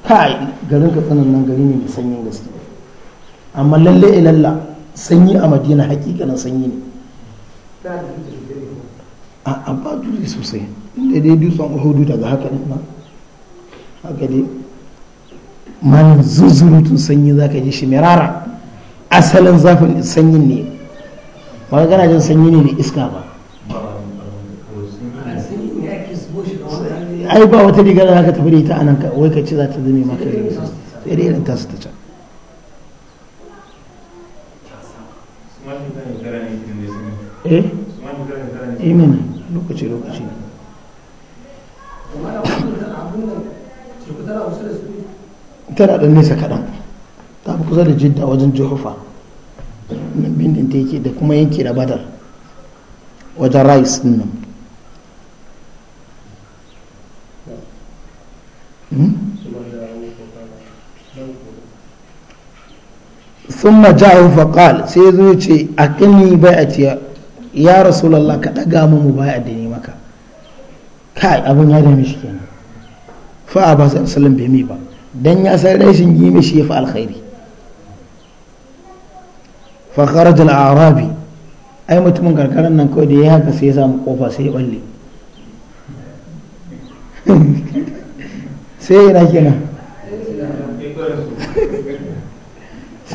[SPEAKER 1] kai garin ka tsanan nan gari ne da sanyin gaske amma lalle ilalla sanyi a madina hakikanin sanyi ne a ba dutse sosai inda dai dutsen uhudu daga haka ɗin nan haka dai manin zuzzurutun sanyi za ka ji shi mirara asalin zafin sanyin ne ba kana jin sanyi ne da iska ba ai ba wata riga da za ka tafi da ita a nan wai ka ci za ta zame maka sai dai irin tasu ta can eh imana lokaci lokaci da nesa kaɗan ta fi kusa da jidda wajen jehova nan bindin ta yake da kuma yanki da badar wajen rice nan hmm? sun ja'ahu faƙal sai ya zo ya ce a ƙini bai a ciya ya rasulallah ka ɗaga mu mu bai a dini maka kai abin ya dame shi kenan fa ba su asalin bai mi ba dan ya rashin yi mishi ya fi alkhairi fa kharaja al ai mutumin nan kawai da ya sai samu kofa sai ya balle sai kenan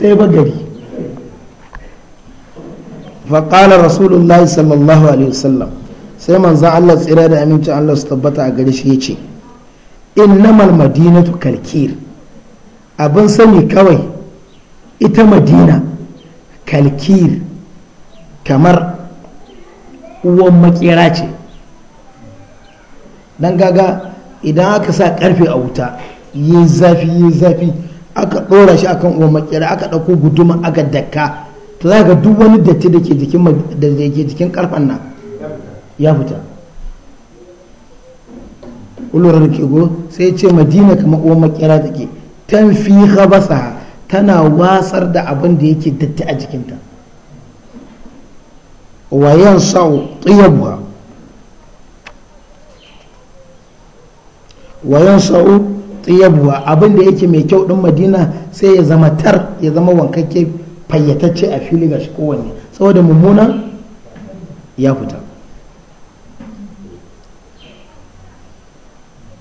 [SPEAKER 1] sai ba gari faƙalar rasulullahi sallallahu alaihi wasallam sai manzan allah tsira da amincin allah su tabbata a gari shi ya ce innamal madinatu kalkir abin sani kawai ita madina kalkir kamar uwan makera ce don gaga idan aka sa karfe a wuta yi zafi yi zafi aka ɗora shi akan uwa makera aka ɗauko guduma aka daka ta za ga duk wani datti da ke jikin da ke jikin karfan nan ya fita ulurar ke go sai ce madina kamar uwa makera ke. tan fi habasa tana watsar da abin da yake datti a jikinta wayan sa'u tiyabuha wayan sa'u tsayabuwa abin da yake mai kyau din madina sai ya zama tar ya zama wankakke fayyatacce a fili ga shi kowanne saboda mummuna ya fita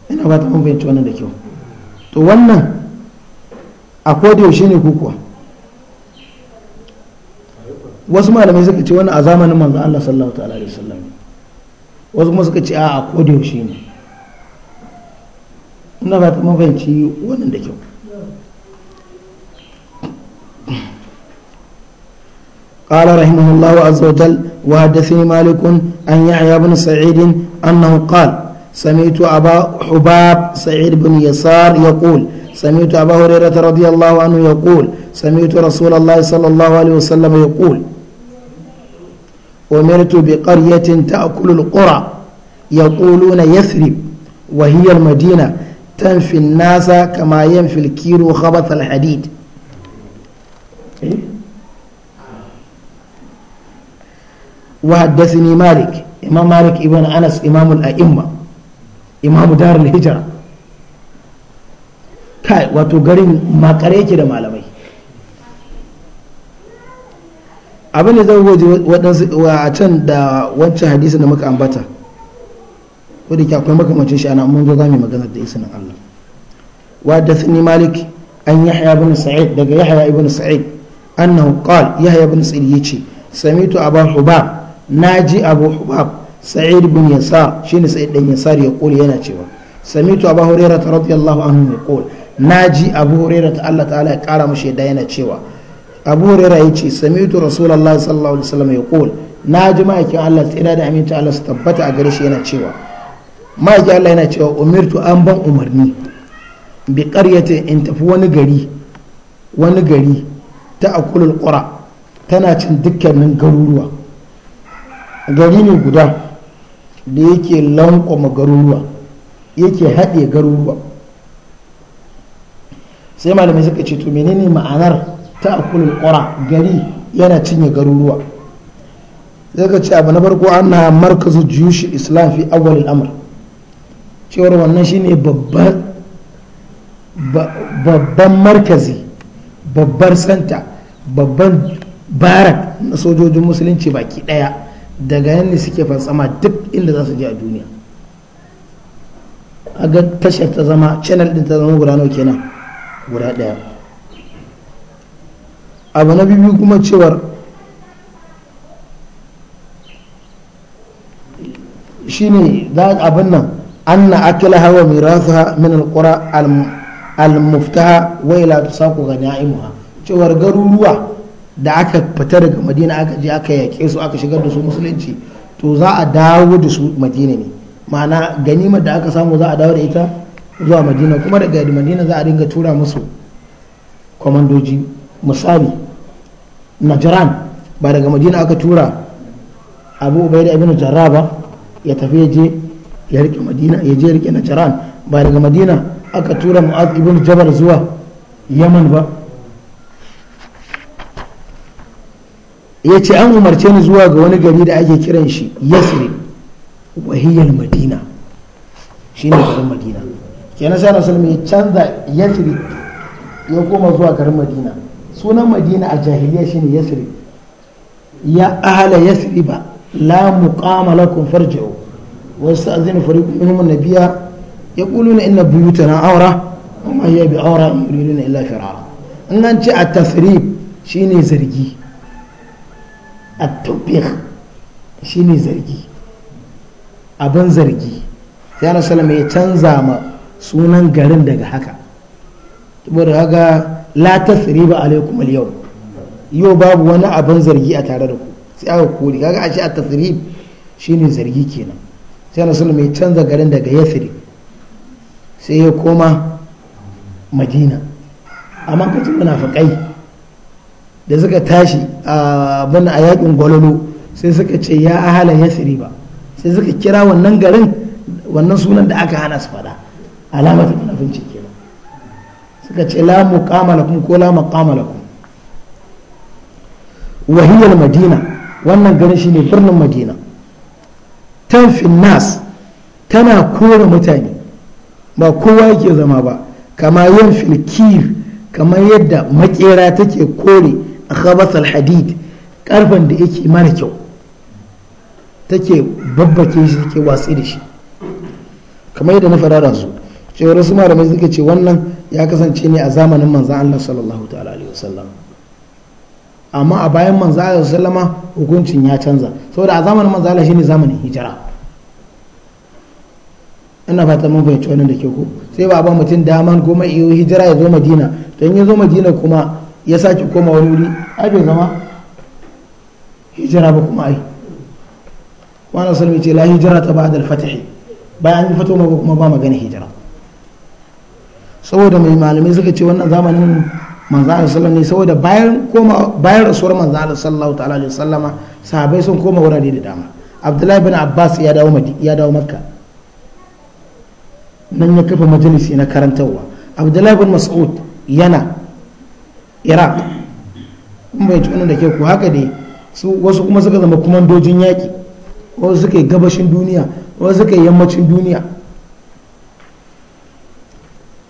[SPEAKER 1] ina ba ta fahimci wannan da kyau to wannan a koda yaushe ne kukuwa wasu malamai suka ce wannan a zamanin manzo Allah sallallahu ta'ala alaihi wasallam wasu kuma suka ce a a koda yaushe ne نبات ba ta قال رحمه الله عز وجل وحدثني مالك عن يحيى بن سعيد أنه قال سمعت أبا حباب سعيد بن يسار يقول سمعت أبا هريرة رضي الله عنه يقول سمعت رسول الله صلى الله عليه وسلم يقول أمرت بقرية تأكل القرى يقولون يثرب وهي المدينة tanfi nasa kama yin filkiro khabar talhadid eh? wa haddasa malik imam malik anas imamul a'imma imamu darul hijira kai wato garin makare yake da malamai abinda zai goje wadansu a can da wancan hadisi da muka ambata ko da ke akwai makamancin shi ana mun zo za mu magana da isnin Allah wa da sunni malik an yahya ibn sa'id daga yahya ibn sa'id annahu qal yahya ibn sa'id yace samitu abu hubab naji abu hubab sa'id ibn yasar shine sa'id dan yasar ya kula yana cewa samitu abu hurairah radiyallahu anhu ya kula naji abu hurairah ta Allah ta'ala ya kara mashi da yana cewa abu hurairah yace samitu rasulullahi sallallahu alaihi wasallam ya kula naji ma'aikin Allah tsira da aminta Allah su tabbata a gare shi yana cewa ma'aiki Allah yana cewa umirtu an ban umarni bi karyata in tafi wani gari wani gari ta akulul ƙura tana cin dukkanin garuruwa gari ne guda da yake lankwama garuruwa yake haɗe garuruwa sai malamai suka ce to menene ma'anar ta akulul ƙura gari yana cinye garuruwa zai ka ce abu na farko an na markazu juyushi islam fi awwalil amr cewar wannan shine babban markazi babbar santa babban barak na sojojin musulunci baki daya daga yanni suke fansama duk inda za su je a duniya a ga tashar ta zama channel din ta zama guda nawa kenan guda daya abu na biyu kuma cewar shine za abin nan أن أكلها وميراثها من القرى المفتها وإلى تساق غنائمها cewar garuruwa da aka fita daga madina aka je aka yake su aka shigar da su musulunci to za a dawo da su madina ne ma'ana ganima da aka samu za a dawo da ita zuwa madina kuma daga madina za a dinga tura musu kwamandoji misali najran ba daga madina aka tura abu bai da ibn jarra ba ya tafi je ya rike madina ya je rike najaran ba daga madina aka tura mu'az ibn jabar zuwa yaman ba ya ce an umarce ni zuwa ga wani gari da ake kiran shi yasri wahiyar madina shi ne garin madina kenan sai rasul ya canza yasri ya koma zuwa garin madina sunan madina a jahiliya shine yasri ya ahala yasri ba la muqama lakum farji'u ويستأذن فريق منهم النبي يقولون إن بيوتنا عورة وما هي بعورة يريدون إلا فرارا إن أنت التثريب شيني زرقي التوبيخ شيني زرقي أبن زرقي sai ana salama ya canza ma sunan garin daga haka saboda ga la tasriba alaikum yau yau babu wani abin zargi a tare da ku sai aka kori kaga a ce a tasrib shine zargi kenan sai na mai canza garin daga yasiri sai ya koma madina amma kacin munafakai da suka tashi a a yakin gwalolo sai suka ce ya ahalan yasiri ba sai suka kira wannan garin wannan sunan da aka hana su fada alamata munafinci kenan suka ce la muqama ko la maqama lakum madina wannan garin shine birnin madina tanfin nas tana kore mutane ba kowa yake zama ba kama yin filkir kamar yadda makera take kore a khabasal hadid karfen da yake mara kyau take babbake shi take watsi da shi kamar yadda na fara da su cewar su malamai suka ce wannan ya kasance ne a zamanin manzan Allah sallallahu ta'ala alaihi wasallam amma a bayan manzo Allah sallama hukuncin ya canza saboda a zamanin manzo Allah shine zamanin hijira ina fata mun fahimci wani da ke ko sai ba ba mutum daman goma iyo hijira ya zo Madina dan ya zo Madina kuma ya sake koma wani wuri ai bai zama hijira ba kuma ai wannan sallama ce la hijira ta ba'da al-fath bayan an fito kuma ba magana hijira saboda mai malamai suka ce wannan zamanin manzo Allah sallallahu alaihi saboda bayan koma bayan rasuwar manzo Allah sallallahu ta'ala alaihi wasallama sahabbai sun koma wurare da dama Abdullahi bin Abbas ya dawo ya dawo Makka nan ya kafa majalisi na karantarwa Abdullahi bin Mas'ud yana Iraq kuma bai tunan da ke ku haka dai su wasu kuma suka zama kumandojin yaki wasu suka yi gabashin duniya wasu suka yi yammacin duniya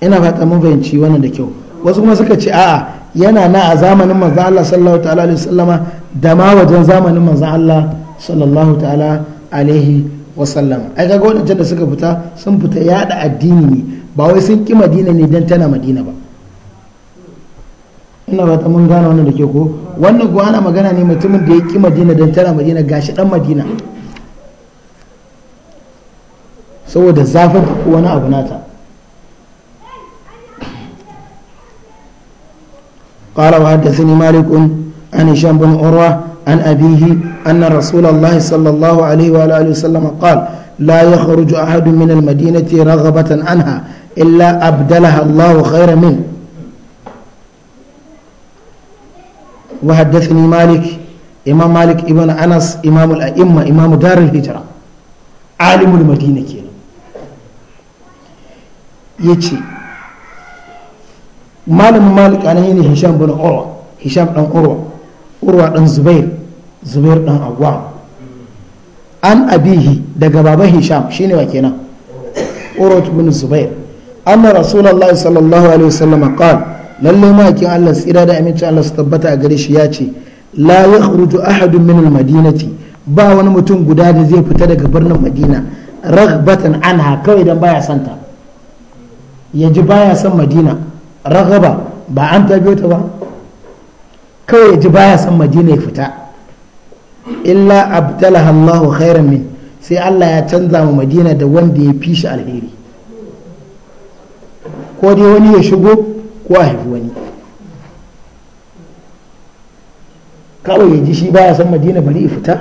[SPEAKER 1] ina fata mun fahimci wannan da kyau wasu kuma suka ce a'a yana na a zamanin manzan Allah sallallahu ta'ala alaihi sallama da ma wajen zamanin manzan Allah sallallahu ta'ala alaihi wasallama ai kaga wadancan da suka fita sun fita yada addini ne ba wai sun ki madina ne dan tana madina ba ina ba ta mun gane wannan da ke ko wannan ko ana magana ne mutumin da ya ki madina dan tana madina gashi dan madina saboda zafin wani abu nata قال وحدثني مالك عن هشام بن عروة عن أبيه أن رسول الله صلى الله عليه وآله وسلم قال لا يخرج أحد من المدينة رغبة عنها إلا أبدلها الله خيرا منه وحدثني مالك إمام مالك ابن أنس إمام الأئمة إمام دار الهجرة عالم المدينة كينا يجي malamin malik anan yana hisham bin urwa hisham dan urwa urwa dan zubair zubair dan an abihi daga baban hisham shine wa kenan urwa bin zubair anna rasulullahi sallallahu alaihi wasallam qala lalle makin Allah tsira da aminci Allah su tabbata a gare shi ya ce la yakhruju ahadun min al-madinati ba wani mutum guda da zai fita daga birnin madina ragbatan anha kawai dan baya santa yaji baya san madina ragaba ba an ta biyo ta ba kawai ji baya san madina ya fita illa abdalaha Allahu khairan min sai Allah ya canza mu madina da wanda ya fi shi alheri ko dai wani ya shigo ko a haifi wani kawai ya ji shi baya san madina bari ya fita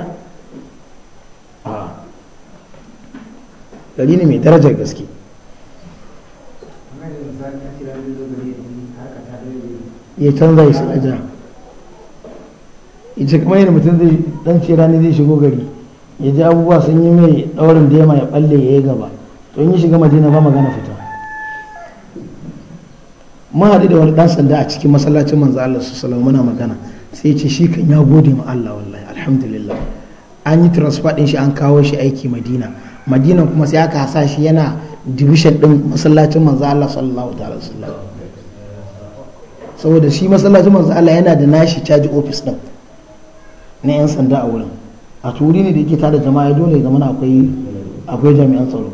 [SPEAKER 1] gari ne mai darajar gaske
[SPEAKER 2] ya canza ya shiga ja
[SPEAKER 1] ita kuma yin mutum zai dan ce rani zai shigo gari ya ji abubuwa sun yi mai daurin da yama ya balle ya yi gaba to in ya shiga madina ba magana fita ma haɗu da wani ɗan sanda a cikin masallacin manzo Allah su salama muna magana sai ce shi kan ya gode ma Allah wallahi alhamdulillah an yi transfer ɗin shi an kawo shi aiki madina madina kuma sai aka sa shi yana division ɗin masallacin manzo Allah sallallahu ta'ala sallallahu saboda shi masallacin manzo Allah yana da nashi caji ofis din na yan sanda a wurin a turi ne da yake tada jama'a ya dole zamana akwai akwai jami'an tsaro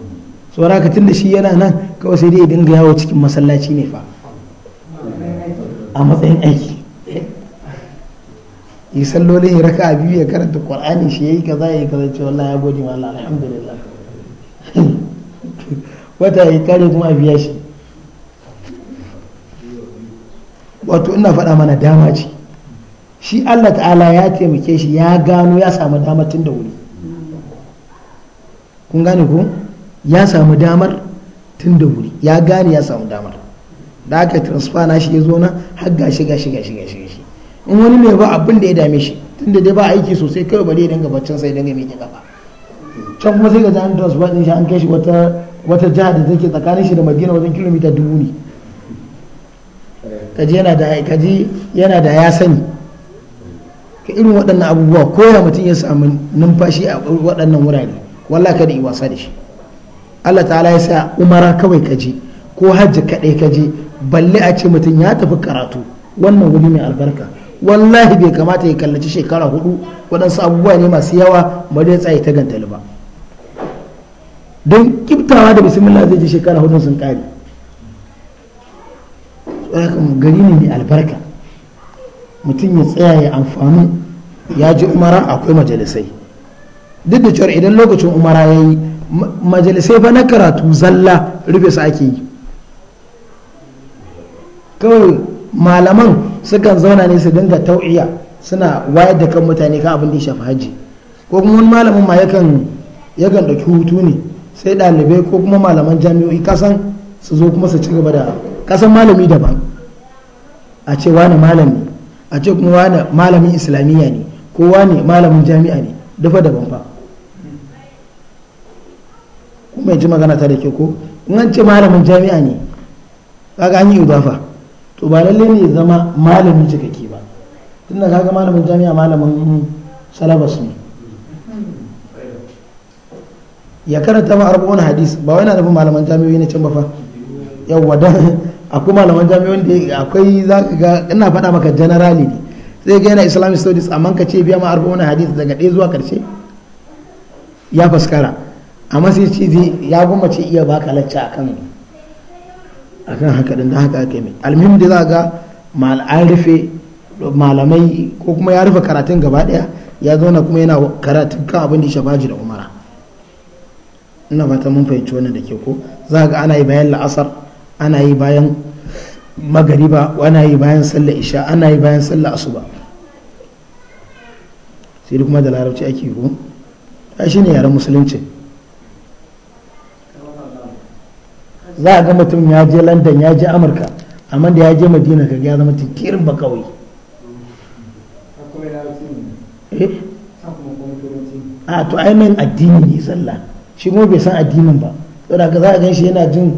[SPEAKER 1] saboda ka tunda shi yana nan kawai sai dai ya dinga yawo cikin masallaci ne fa a matsayin aiki yi sallolin raka a biyu ya karanta qur'ani shi yayi kaza yayi kaza ce wallahi ya gode ma alhamdulillah wata ya kare kuma a biya shi wato ina faɗa mana dama ce shi Allah ta'ala ya taimake shi ya gano ya samu damar tun da wuri kun gane ku ya samu damar tun da wuri ya gane ya samu damar da aka transfer na shi ya zo na har shiga shiga shiga shiga shi in wani mai ba abin da ya dame shi tun da dai ba aiki sosai kawai bari ya dinga baccin sai dinga miƙe gaba can kuma sai ga an transfer din shi an kai shi wata wata jiha da take tsakanin shi da Madina wajen kilomita dubu ne kaji yana da kaji yana da ya sani ka irin waɗannan abubuwa ko ya mutum ya samu numfashi a waɗannan wurare wallahi kada yi wasa da shi Allah ta'ala ya sa umara kawai kaji ko hajji kaɗai kaji balle a ce mutum ya tafi karatu wannan wuri mai albarka wallahi bai kamata ya kallaci shekara hudu waɗansu abubuwa ne masu yawa bari ya tsaye ta gantali ba don kiftawa da bismillah zai ji shekara hudun sun kare gari ne mai albarka mutum ya tsaya ya amfani ya ji umara akwai majalisai duk da cewar idan lokacin umara ya yi majalisai ba na karatu zalla rufe su ake yi kawai malaman sukan zauna ne su dinga tau'iya suna wayar da kan mutane ka abin da ya shafi hajji ko kuma wani malamin ma yakan yakan ɗauki hutu ne sai ɗalibai ko kuma malaman jami'o'i kasan su zo kuma su ci gaba da kasan malami daban a ce wani malami a ce kuma wani malamin islamiyya ne ko wani malamin jami'a ne dafa daban fa kuma ji magana ta da ke ko in an ce malamin jami'a ne kaga an yi idafa to ba lalle ne zama malamin cikakke ba tun da kaga malamin jami'a malamin salabas ne ya karanta ma arba'un hadis ba wani da nufin malaman jami'o'i na can ba fa yawwa don akwai malaman jami'on da akwai za ka ga ina faɗa maka generali ne sai ga yana islamic studies amma ka ce biya ma arba wani hadith daga ɗaya zuwa ƙarshe ya faskara amma sai ce ya ce iya baka lacca a akan haka din da haka ake mai almuhim da za ga an rufe malamai ko kuma ya rufe karatun gaba ɗaya ya zauna kuma yana karatun kan abin da ya shafa da umara ina fata mun fahimci wannan da ke ko za ga ana yi bayan la'asar ana yi bayan magariba ana yi bayan sallar isha ana yi bayan sallar asuba sai kuma da larabci ake yi ko shi ne yaren musulunci za a ga mutum ya je london ya je amurka amma da ya je madina ga ya zama tikirin ba kawai eh? a to ainihin addini ne sallah shi kuma bai san addinin ba saboda ka za a gan shi yana jin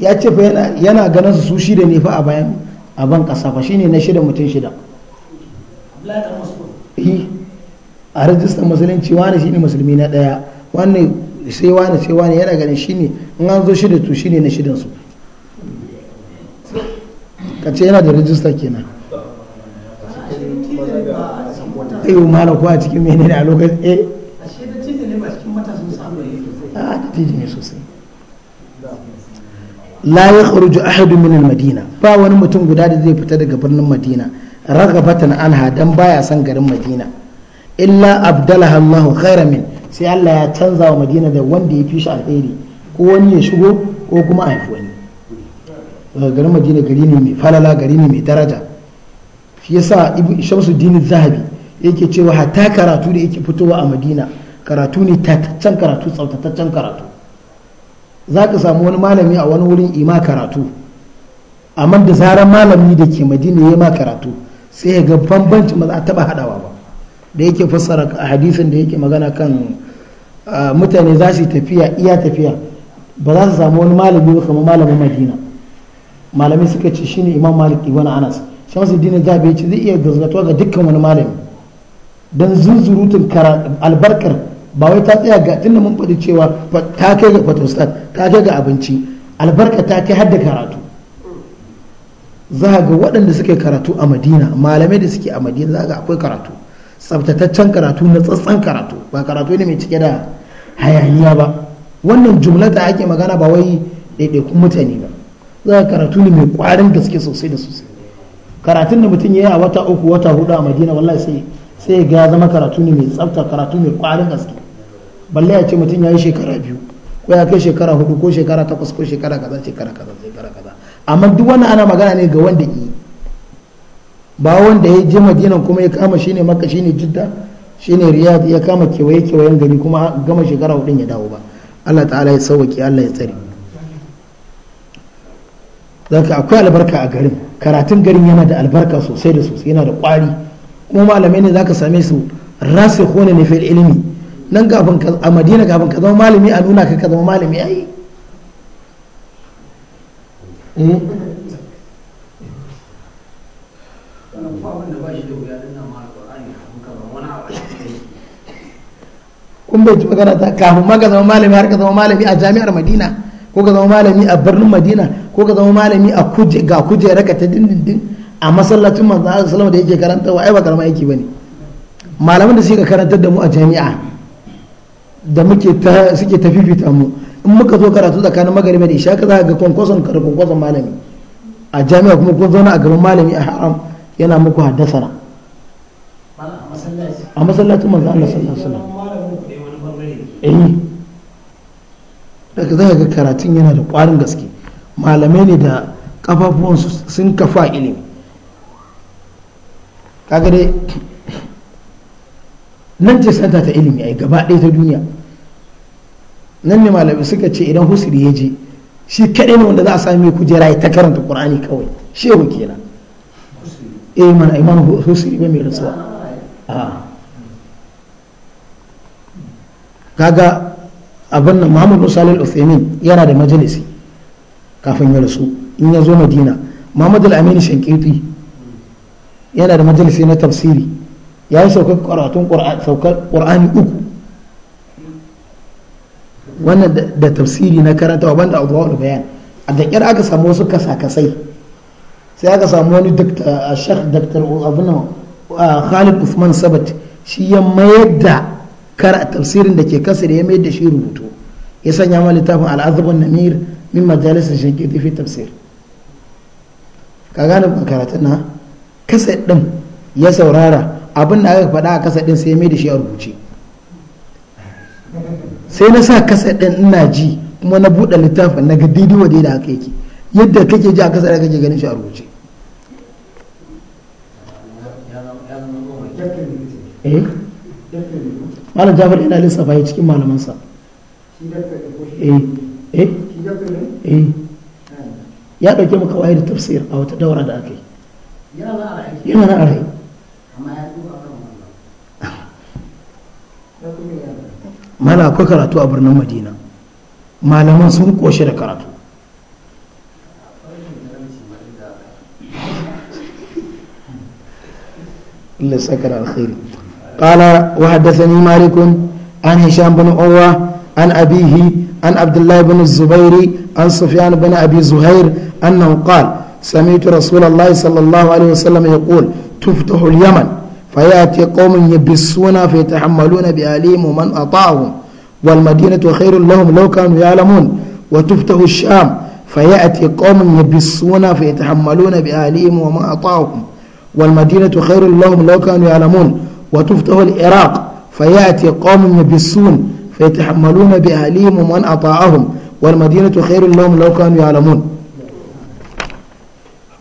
[SPEAKER 1] ya ce fa yana ganin su shida ne fa a bayan a ban kasa fa shine na shida mutum shida a rajistar musulunci wani shine musulmi na daya wani sai wani sai wani yana ganin shine in an zo shida to shine na shidan su kace yana da rajista kenan ayo mala ko cikin menene a lokacin eh a shida ne ba cikin matasan samu ne a titi ne sosai la ya kharuju ahadu min madina ba wani mutum guda da zai fita daga birnin madina ragabatan anha dan baya san garin madina illa abdalaha Allah khairan min sai Allah ya canza wa madina da wanda ya fi shi alheri ko wani ya shigo ko kuma a haifi wani garin madina gari ne mai falala gari ne mai daraja shi yasa dini zahabi yake cewa hatta karatu da yake fitowa a madina karatu ne tataccen karatu tsautataccen karatu za ka samu wani malami a wani wurin ima karatu amma da zarar malami da ke madina ya ma karatu sai ya ga bambanci ba za a taba hadawa ba da yake fassara a hadisin da yake magana kan mutane za su tafiya iya tafiya ba za su samu wani malami ba kamar malamin madina malami suka ce shine imam malik ibn anas shan su zabi ya ce zai iya gazgatuwa ga dukkan wani malami don zunzurutun albarkar ba wai ta tsaya ga tunda mun faɗi cewa ta kai ga photostat ta kai ga abinci albarka ta kai hadda karatu za ga waɗanda suke karatu a madina malamai da suke a madina za ga akwai karatu tsabtataccen karatu na tsatsan karatu ba karatu ne mai cike da hayaniya ba wannan jumla ta ake magana ba wai ɗaiɗaikun mutane ba za ga karatu ne mai ƙwarin gaske sosai da sosai karatun da mutum ya yi a wata uku wata hudu a madina wallahi sai sai ya ga zama karatu ne mai tsafta karatu mai kwarin gaske balle ya ce mutum ya yi shekara biyu ko ya kai shekara hudu ko shekara takwas ko shekara kaza shekara kaza shekara kaza amma duk wannan ana magana ne ga wanda yi ba wanda ya je madinan kuma ya kama shine makka shine jidda shine riyad ya kama kewaye kewayen gari kuma gama shekara hudun ya dawo ba Allah ta'ala ya sauwaki Allah ya tsare zaka akwai albarka a garin karatun garin yana da albarka sosai da sosai yana da kwari kuma malamai ne za ka same su rasu kone ne fil ilimi nan kafin a madina kafin ka zama malami a nuna ka ka zama malami ai eh? kun bai ci magana ta kafin ma ka zama malami har ka zama malami a jami'ar madina ko ka zama malami a birnin madina ko ka zama malami a kuje ga kujera ka ta dindindin a masallacin manzan Allah salama da yake karanta wa ai ba karama aiki bane malaman da suka karantar da mu a jami'a da muke ta suke tafifita mu in muka zo karatu tsakanin magarima da isha ka za ga kwankwason kar kwankwason malami a jami'a kuma kun zauna a gaban malami a haram yana muku haddasa
[SPEAKER 2] a masallacin manzan Allah salama alaihi eh
[SPEAKER 1] daga za ga karatun yana da ƙwarin gaske malamai ne da kafafuwansu sun kafa ilimi kaga dai nan ce santa ta ilimi ai gaba ɗaya ta duniya nan ne malamai suka ce idan husri ya je shi kaɗai ne wanda za a sami kujera ya ta karanta ƙur'ani kawai shehu kenan eh mana imam husri ba mai rasuwa ah. kaga abin nan muhammadu salil uthaymin yana da majalisi kafin ya rasu in ya zo madina muhammadu al-amin shankiti yana da majalisi na tafsiri ya yi saukar karatun ƙur'ani uku wannan da tafsiri na karanta wa banda abuwa bayan a ƙyar aka samu wasu kasakasai sai aka samu wani shek daktar abunan khalid usman sabat shi ya mayar da kara tafsirin da ke kasa da ya mayar da shi rubutu ya sanya ma littafin al'azabun namir min majalisar shaƙi fi tafsir ka gane karatun na kaset din ya saurara abin da aka faɗa a kaset din sai mai da shi a rubuce sai na sa kaset din ina ji kuma na buɗe littafin na ga daidai wa da aka yake yadda kake ji a kasar da kake ganin shi a rubuce eh malam jafar ina lissafa ya cikin malamansa eh, eh eh ya ɗauke maka wayar tafsir a wata daura da aka yi
[SPEAKER 2] yana nan a rai yana nan a rai
[SPEAKER 1] mala akwai karatu a birnin madina malaman sun koshe da karatu الله سكر الخير قال وحدثني مالك عن هشام بن عروة عن أبيه عن عبد الله بن الزبير عن سفيان بن أبي زهير أنه قال سمعت رسول الله صلى الله عليه وسلم يقول تفتح اليمن فيأتي قوم يبسون فيتحملون بآليم ومن أطاعهم والمدينة خير لهم لو كانوا يعلمون وتفتح الشام فيأتي قوم يبسون فيتحملون بآليم ومن أطاعهم والمدينة خير لهم لو كانوا يعلمون وتفتح العراق فيأتي قوم يبسون فيتحملون بآليم ومن أطاعهم والمدينة خير لهم لو كانوا يعلمون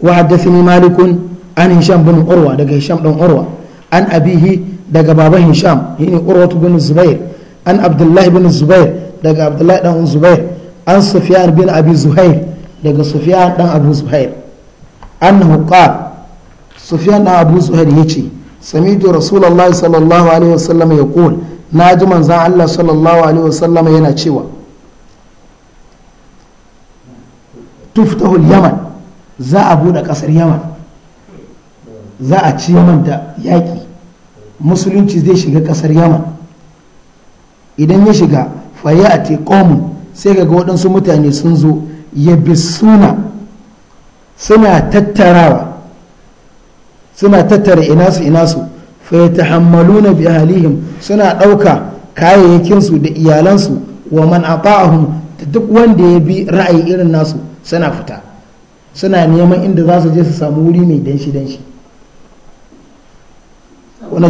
[SPEAKER 1] wa haddathani malikun an hisham bin urwa daga hisham dan urwa an abihi daga baban hisham yini urwatu bin zubair an abdullahi bin zubair daga abdullahi dan zubair an sufyan bin abi zuhair daga sufyan dan abu zuhair annahu qala sufyan dan abu zuhair yace samitu rasulullahi sallallahu alaihi wasallam yaqul naji manzan Allah sallallahu alaihi wasallam yana cewa tuftahu al za a buɗe ƙasar yaman za a ci yaman da yaƙi musulunci zai shiga ƙasar yaman idan ya shiga faya a teƙomu sai ga waɗansu mutane sun zo ya bi suna suna tattarawa suna tattara inasu inasu faya ta na bi halihim suna ɗauka kayayyakinsu da iyalansu wa man a da duk wanda ya bi ra'ayi irin nasu suna fita suna neman inda za su je su samu wuri mai danshi danshi wani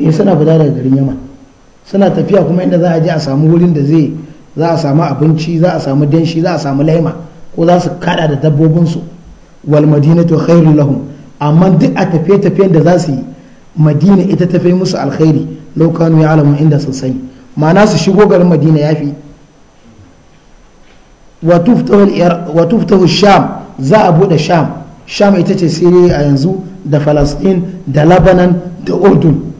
[SPEAKER 1] eh, suna fita daga garin yaman suna tafiya kuma inda za a je a samu wurin da zai za a samu abinci za a samu danshi za a samu laima ko za su kada da dabbobinsu wal madinatu khairu lahum amma duk a tafiye tafiyen da za su yi madina ita tafi musu alkhairi lokanu ya alamun inda sun sani ma'ana su shigo garin madina ya fi wa sham za a bude sham sham ita ce siriya a yanzu da falastin da labanan da urdun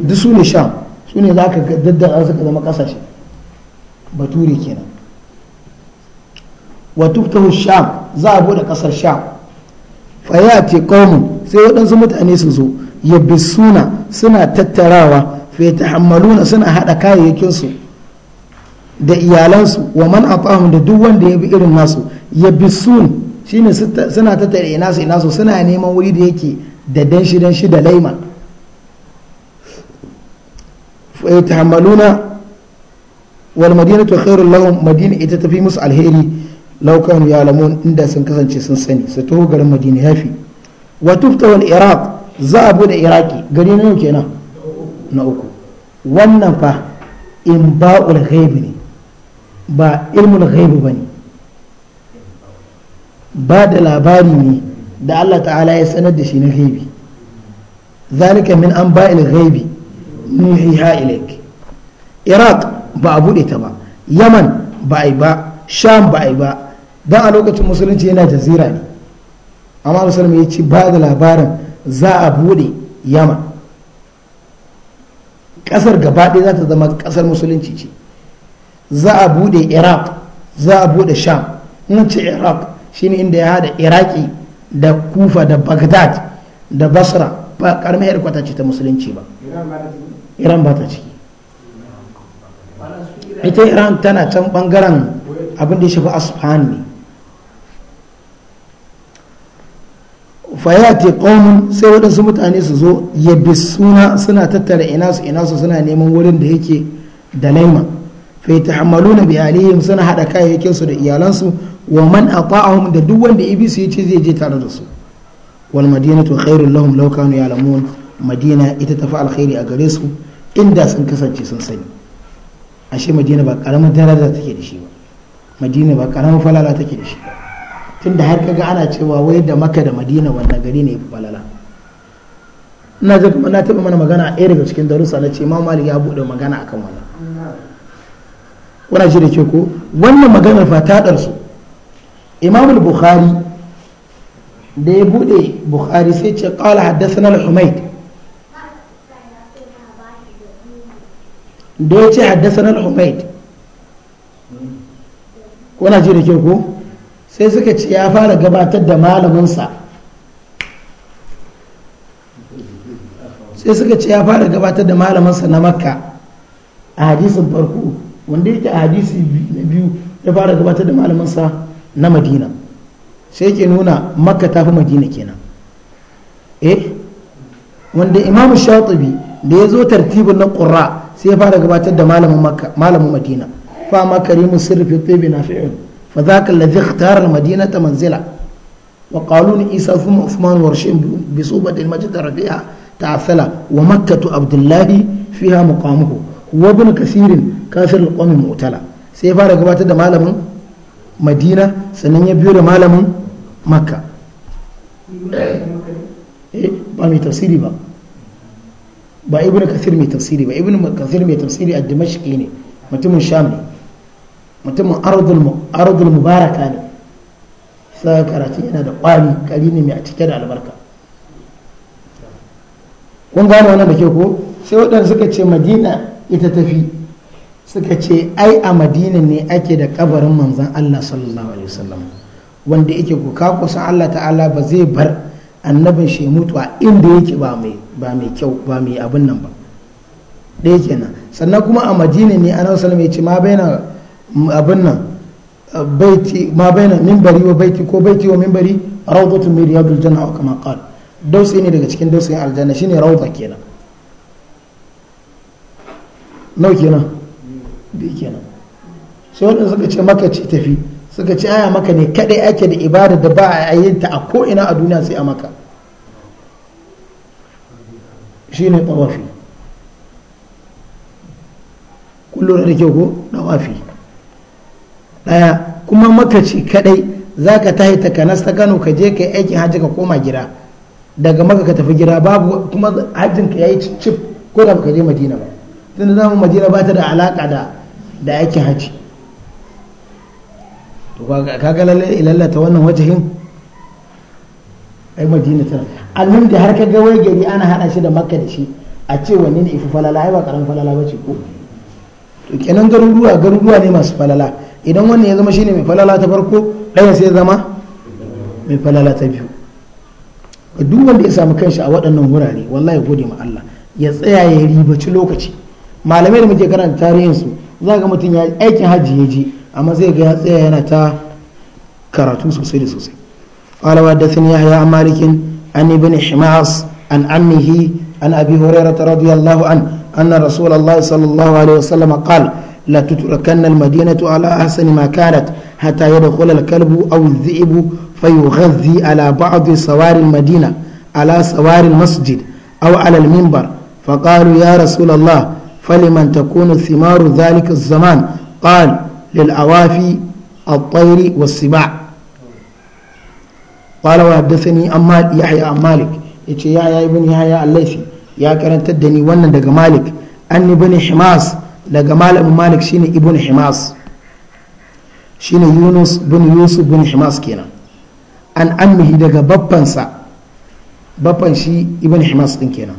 [SPEAKER 1] duk su ne sham su ne za ka daddara suka zama kasashe bature kenan wa sham za a bude kasar sham fa yati sai waɗansu mutane su zo yabbi suna tattarawa fa yatahammaluna suna haɗa kayayyakinsu su da iyalansu wa man at'am da duk wanda ya bi irin nasu ya bi sun shine suna ta ina su ina suna neman wuri da yake da dan shi dan shi da laima fa yatahammaluna wal madinatu khairul lahum madina ita tafi musu alheri law kanu ya'lamun inda sun kasance sun sani su taho garin madina yafi wa tufta wal iraq za a bude iraki gari na kenan na uku wannan fa in ba'ul ghaibi ne ba ilmul ghaibu bane ba da labari ne da Allah ta'ala ya sanar da shi na ghaibi zalika min an ba'il ghaibi nuhiha ilaik iraq ba a bude ta ba yaman ba a yi ba sham ba a yi ba dan a lokacin musulunci yana jazira ne amma musulmi ya ci ba da labarin za a bude yaman kasar gaba ɗaya za ta zama kasar musulunci ce za a bude iraq za a bude sham in ce iraq shine inda ya hada iraki da kufa da bagdad da basra ba karamin yarkwata ce ta musulunci ba iran ba ta ciki ita iran tana can bangaren abin da ya shafi asfahan ne fayati qaumun sai waɗansu mutane su zo ya suna suna tattara ina su suna neman wurin da yake da laima ta hamalu bi alihim suna hada kayayyakin su da iyalansu wa man a ata'ahum da duk wanda yi ce zai je tare da su wal madinatu khairun lahum law kanu lamun madina ita ta fi alkhairi a gare su inda sun kasance sun sani ashe madina ba karamin daraja take da shi ba madina ba karamin falala take da shi ba tunda har kaga ana cewa wai da maka da madina wannan gari ne falala ina kuma na taɓa mana magana a ɗaya daga cikin darussa na ce ma malik ya buɗe magana akan wannan kuna ji da ke ko wannan maganar fa su ɗarsu imam bukhari da ya buɗe bukhari sai ce ƙala haddasa al-humaid da ya ce haddasa na al-humaid kuna ji da ke ko sai suka ce ya fara gabatar da malaminsa sai suka ce ya fara gabatar da malaminsa na makka a hadisin farko wanda yake a hadisi biyu ya fara gabatar da malaminsa na madina sai yake nuna makka fi madina kenan eh wanda imam shatibi da ya zo tartibin na qurra sai ya fara gabatar da malamin madina fa ma karimu sirri fi tibi nafi'un fa dhaka alladhi ikhtara al-madinata manzila wa qalu li isa thumma uthman wa rashid bi subati al-majd ta asala wa makkatu abdullahi fiha muqamuhu wa ibn kasirin kafir kwamin mu'tala sai ya fara gabatar da malamin madina sannan ya biyo da malamin makka eh, ba mai tafsiri ba ba ibn kasir mai tafsiri ba ibn kasir mai tafsiri a dimashqi ne mutumin sham ne mutumin ardul mubaraka ne sai karatu yana da kwari kari ne mai a cike da albarka kun gane wannan da ke ko sai waɗanda suka ce madina ita tafi suka ce ai a madina ne ake da kabarin manzan Allah sallallahu alaihi wasallam wanda yake ku kaku san Allah ta'ala ba zai bar annabin shi mutuwa a inda yake ba mai ba mai kyau ba mai abin nan ba ɗaya kenan sannan kuma a madina ne annabi sallallahu ya ce ma baina abin nan baiti ma baina minbari wa baiti ko baiti wa minbari rawdatu min riyadul janna kama qala dausayi ne daga cikin dausayin aljanna shine rawda kenan nau kenan ke kenan sai wadanda suka ce maka ce tafi suka ce aya maka ne kadai ake da ibada da ba a yin ta a ko'ina a duniya sai a maka shine tawafi kullum da kyau ko tawafi daya kuma maka ce kadai za ka ta ta kanas ta kano ka je ka yi aikin hajji ka koma gida daga maka ka tafi gida babu kuma hajjin ka yi cif ko da ka je madina ba tunda zamu madina ba ta da alaka da da aikin haji to ga lalle ilalla ta wannan wajahin ai madina ta almin da har ga wai gari ana hada shi da makka da shi a ce wani ne ifi falala ai ba karan falala ba ce ko to kenan garuruwa garuruwa ne masu falala idan wannan ya zama shine mai falala ta farko ɗaya sai zama mai falala ta biyu duk wanda ya samu kanshi a waɗannan wurare wallahi gode ma Allah ya tsaya ya ribaci lokaci malamai da muke karanta tarihin su za ga mutum ya aikin hajji ya ji amma zai ga ya tsaya yana ta karatu sosai da sosai qala wa da sunni yahya malikin an ibn himas an ammihi an abi hurairah radiyallahu an anna rasulullahi sallallahu alaihi wasallam qala la tutrakan al madinatu ala makarat ma kanat hatta yadkhul al kalbu aw al dhi'bu fayughadhi ala ba'd sawari al madina ala sawari al masjid aw ala al minbar ya يا رسول الله فلمن تكون ثمار ذلك الزمان قال للعوافي الطير والسباع قال وحدثني أمال يحيى عن مالك يا يحيى ابن يحيى الليثي يا كرنت الدني وانا دق مالك أني بن حماس دق مالك مالك شيني ابن حماس شيني يونس بن يوسف بن حماس كينا أن أمه دق ببنسا ببنشي ابن حماس كينا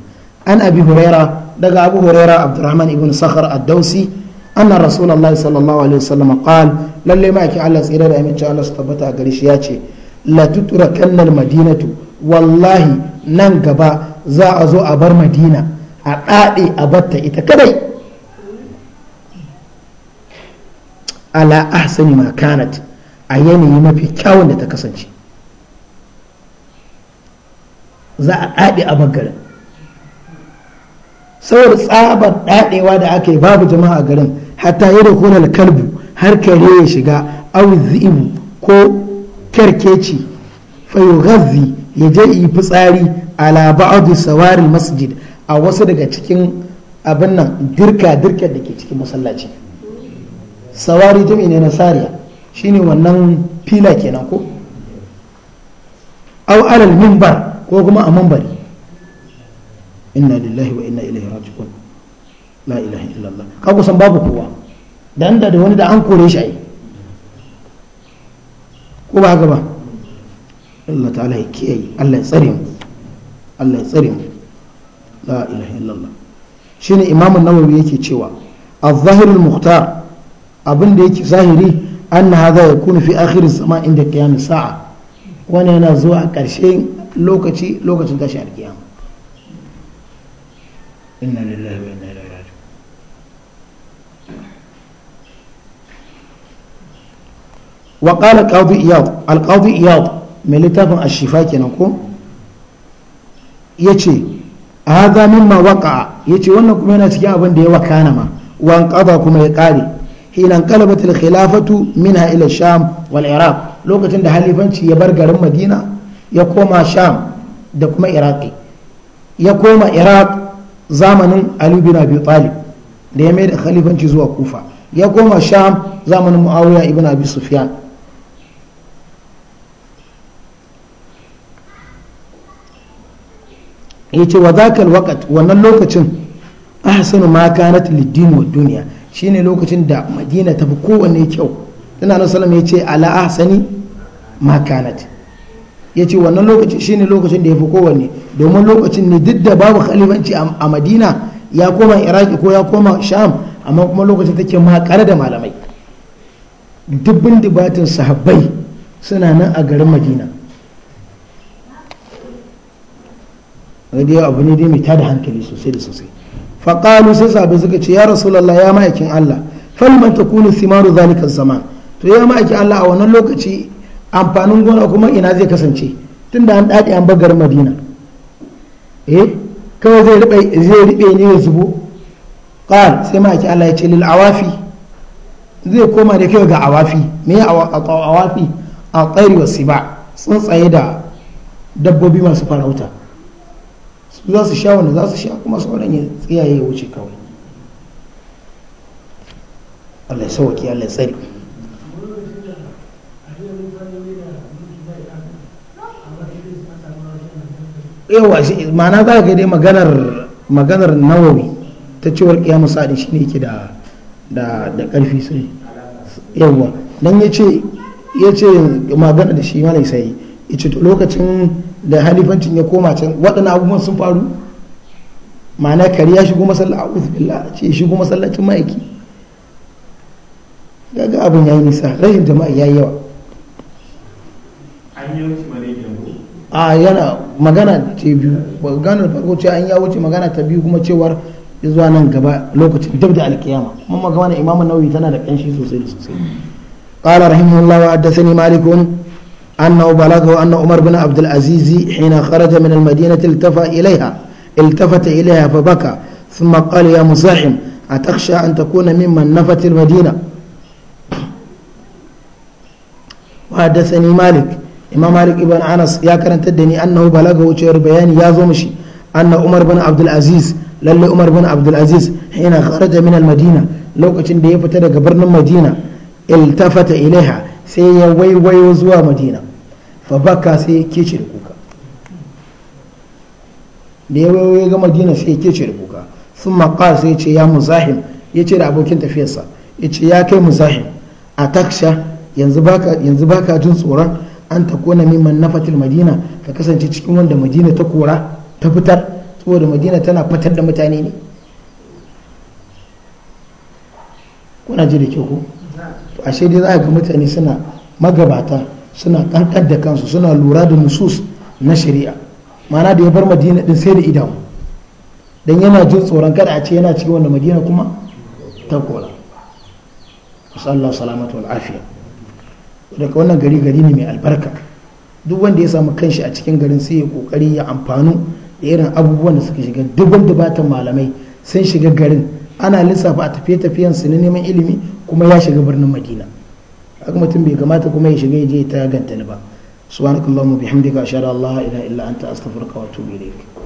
[SPEAKER 1] Ana bi huraira daga abu huraira abdurrahman ibn sakhar ad-dausi anna rasulullahi sallallahu alaihi wasallam qal lalle ma ki Allah tsira da aminci Allah su tabbata a gare ya ce la tutrakanna madinatu wallahi nan gaba za a zo a bar madina a dade a batta ita kadai ala ahsani ma kanat a yanayi mafi kyawun da ta kasance za a dade a bangaren saboda tsabar dadewa da aka yi babu jama'a garin hatta yi da kalbu har kare ya shiga au zibu ko kerkeci fayogazzi ya je yi fitsari a ba'adu sawari masjid a wasu daga cikin abin nan dirka dirka da ke cikin masallaci sawari ta ne na sariya shine wannan fila kenan ko au alal mimbar ko kuma a mambari inna lillahi wa inna ilaihi raji'un la ilaha illallah ka kusan babu kowa dan da da wani da an kore shi ai ko ba gaba Allah ta'ala ya kiyaye Allah ya tsare mu Allah ya tsare mu la ilaha illallah shine imam an-nawawi yake cewa az-zahir al-mukhtar abin da yake zahiri an hadha yakunu fi akhir az-zaman inda qiyam as-sa'a wannan yana zuwa a ƙarshen lokaci lokacin tashi al-qiyama
[SPEAKER 2] inna lillahi wa inna ilaihi raji'un
[SPEAKER 1] wa qala qadi iyad al qadi iyad mai littafin ashifa kenan ko yace hadha mimma waqa'a wannan kuma yana cikin abin da ya wakana ma wan qada kuma ya kare hinan qalabat al khilafatu minha ila sham wal iraq lokacin da halifanci ya bar garin madina ya koma sham da kuma Iraki. ya koma iraq zamanin Ali bin Abi Talib da ya maida khalifanci zuwa Kufa ya koma Sham zamanin Muawiya ibn Abi Sufyan yace wa zakal waqt wannan lokacin ahsanu ma kanat lid-din wa dunya shine lokacin da Madina ta fi kowanne kyau Tana Nabi sallallahu alaihi wasallam yace ala ahsani ma kanat ya ce wannan lokaci shine lokacin da ya fi kowanne domin lokacin ne duk da babu khalifanci a madina ya koma iraki ko ya koma sham amma kuma lokacin take makare da malamai dubbin dubatin sahabbai suna nan a garin madina radiyo abu ne dai mai tada hankali sosai da sosai faƙalu sai sabi suka ce ya rasulallah ya ma'aikin allah falman ta kunu simaru zalikan zaman to ya ma'aikin allah a wannan lokaci amfanin gona kuma ina zai kasance tunda an daɗe an bagar madina eh kawai zai riɓe zai riɓe ne ya zubo qal sai ma ki Allah ya ce lil awafi zai koma da kai ga awafi me ya awafi a tsari wa siba tsaye da dabbobi masu farauta su za su sha wanda za su sha kuma su wani tsiyaye ya wuce kawai Allah ya sauwaki Allah ya tsari yawa shi mana za ka dai maganar maganar nawawi ta cewar kiyamu shi ne yake da da da karfi sai yawa dan yace yace magana da shi malai sai yace to lokacin da halifancin ya koma can waɗannan abubuwan sun faru ma'ana kare ya shigo masallaci a'udhu billah ce shigo masallacin ma'aiki daga abin yayi nisa rashin jama'a yayi yawa a yana magana ta biyu maganar farko ce an ya wuce magana ta biyu kuma cewar zuwa nan gaba lokacin dab da alkiyama kuma magana imamu nawawi tana da kanshi sosai da sosai qala rahimahullah wa haddathani malikun annahu balaghahu anna umar bin abdul aziz hina kharaja min al madinati iltafa ilayha iltafata ilayha fa baka thumma qala ya musahim atakhsha an takuna mimman nafat al madina wa haddathani malik imam malik ibn anas ya karanta da ni annahu balaga wucewar bayani ya zo mishi anna umar bin abdul aziz lalle umar bin abdul aziz hina kharaja min al madina lokacin da ya fita daga birnin madina iltafata ilaiha sai ya waiwayo zuwa madina fa baka sai ya kece da kuka da ya waiwayo ga madina sai ya kece da kuka sun maƙa sai ya ce ya muzahim ya ce da abokin tafiyarsa ya ce ya kai muzahim a taksha yanzu baka jin tsoron an kona mimman nafatil madina ka kasance cikin wanda madina ta kora ta fitar saboda madina tana fitar da mutane ne kuna ji da kyau ko to ashe dai za a ga mutane suna magabata suna kankan da kansu suna lura da nusus na shari'a Mana da ya bar madina din sai da idanu dan yana jin tsoron kada a ce yana cikin wanda madina kuma ta kora sallallahu alaihi wa sallam daga wannan gari gari ne mai albarka duk wanda ya samu kanshi a cikin garin sai ya kokari ya amfanu da irin abubuwan da suka shiga duk wanda bata malamai sun shiga garin ana lissafa a tafiye tafiyan su na neman ilimi kuma ya shiga birnin madina haka mutum bai kamata kuma ya shiga ya je ta ganta ni ba subhanakallahumma bihamdika ashhadu an la ilaha illa anta astaghfiruka wa atubu ilayk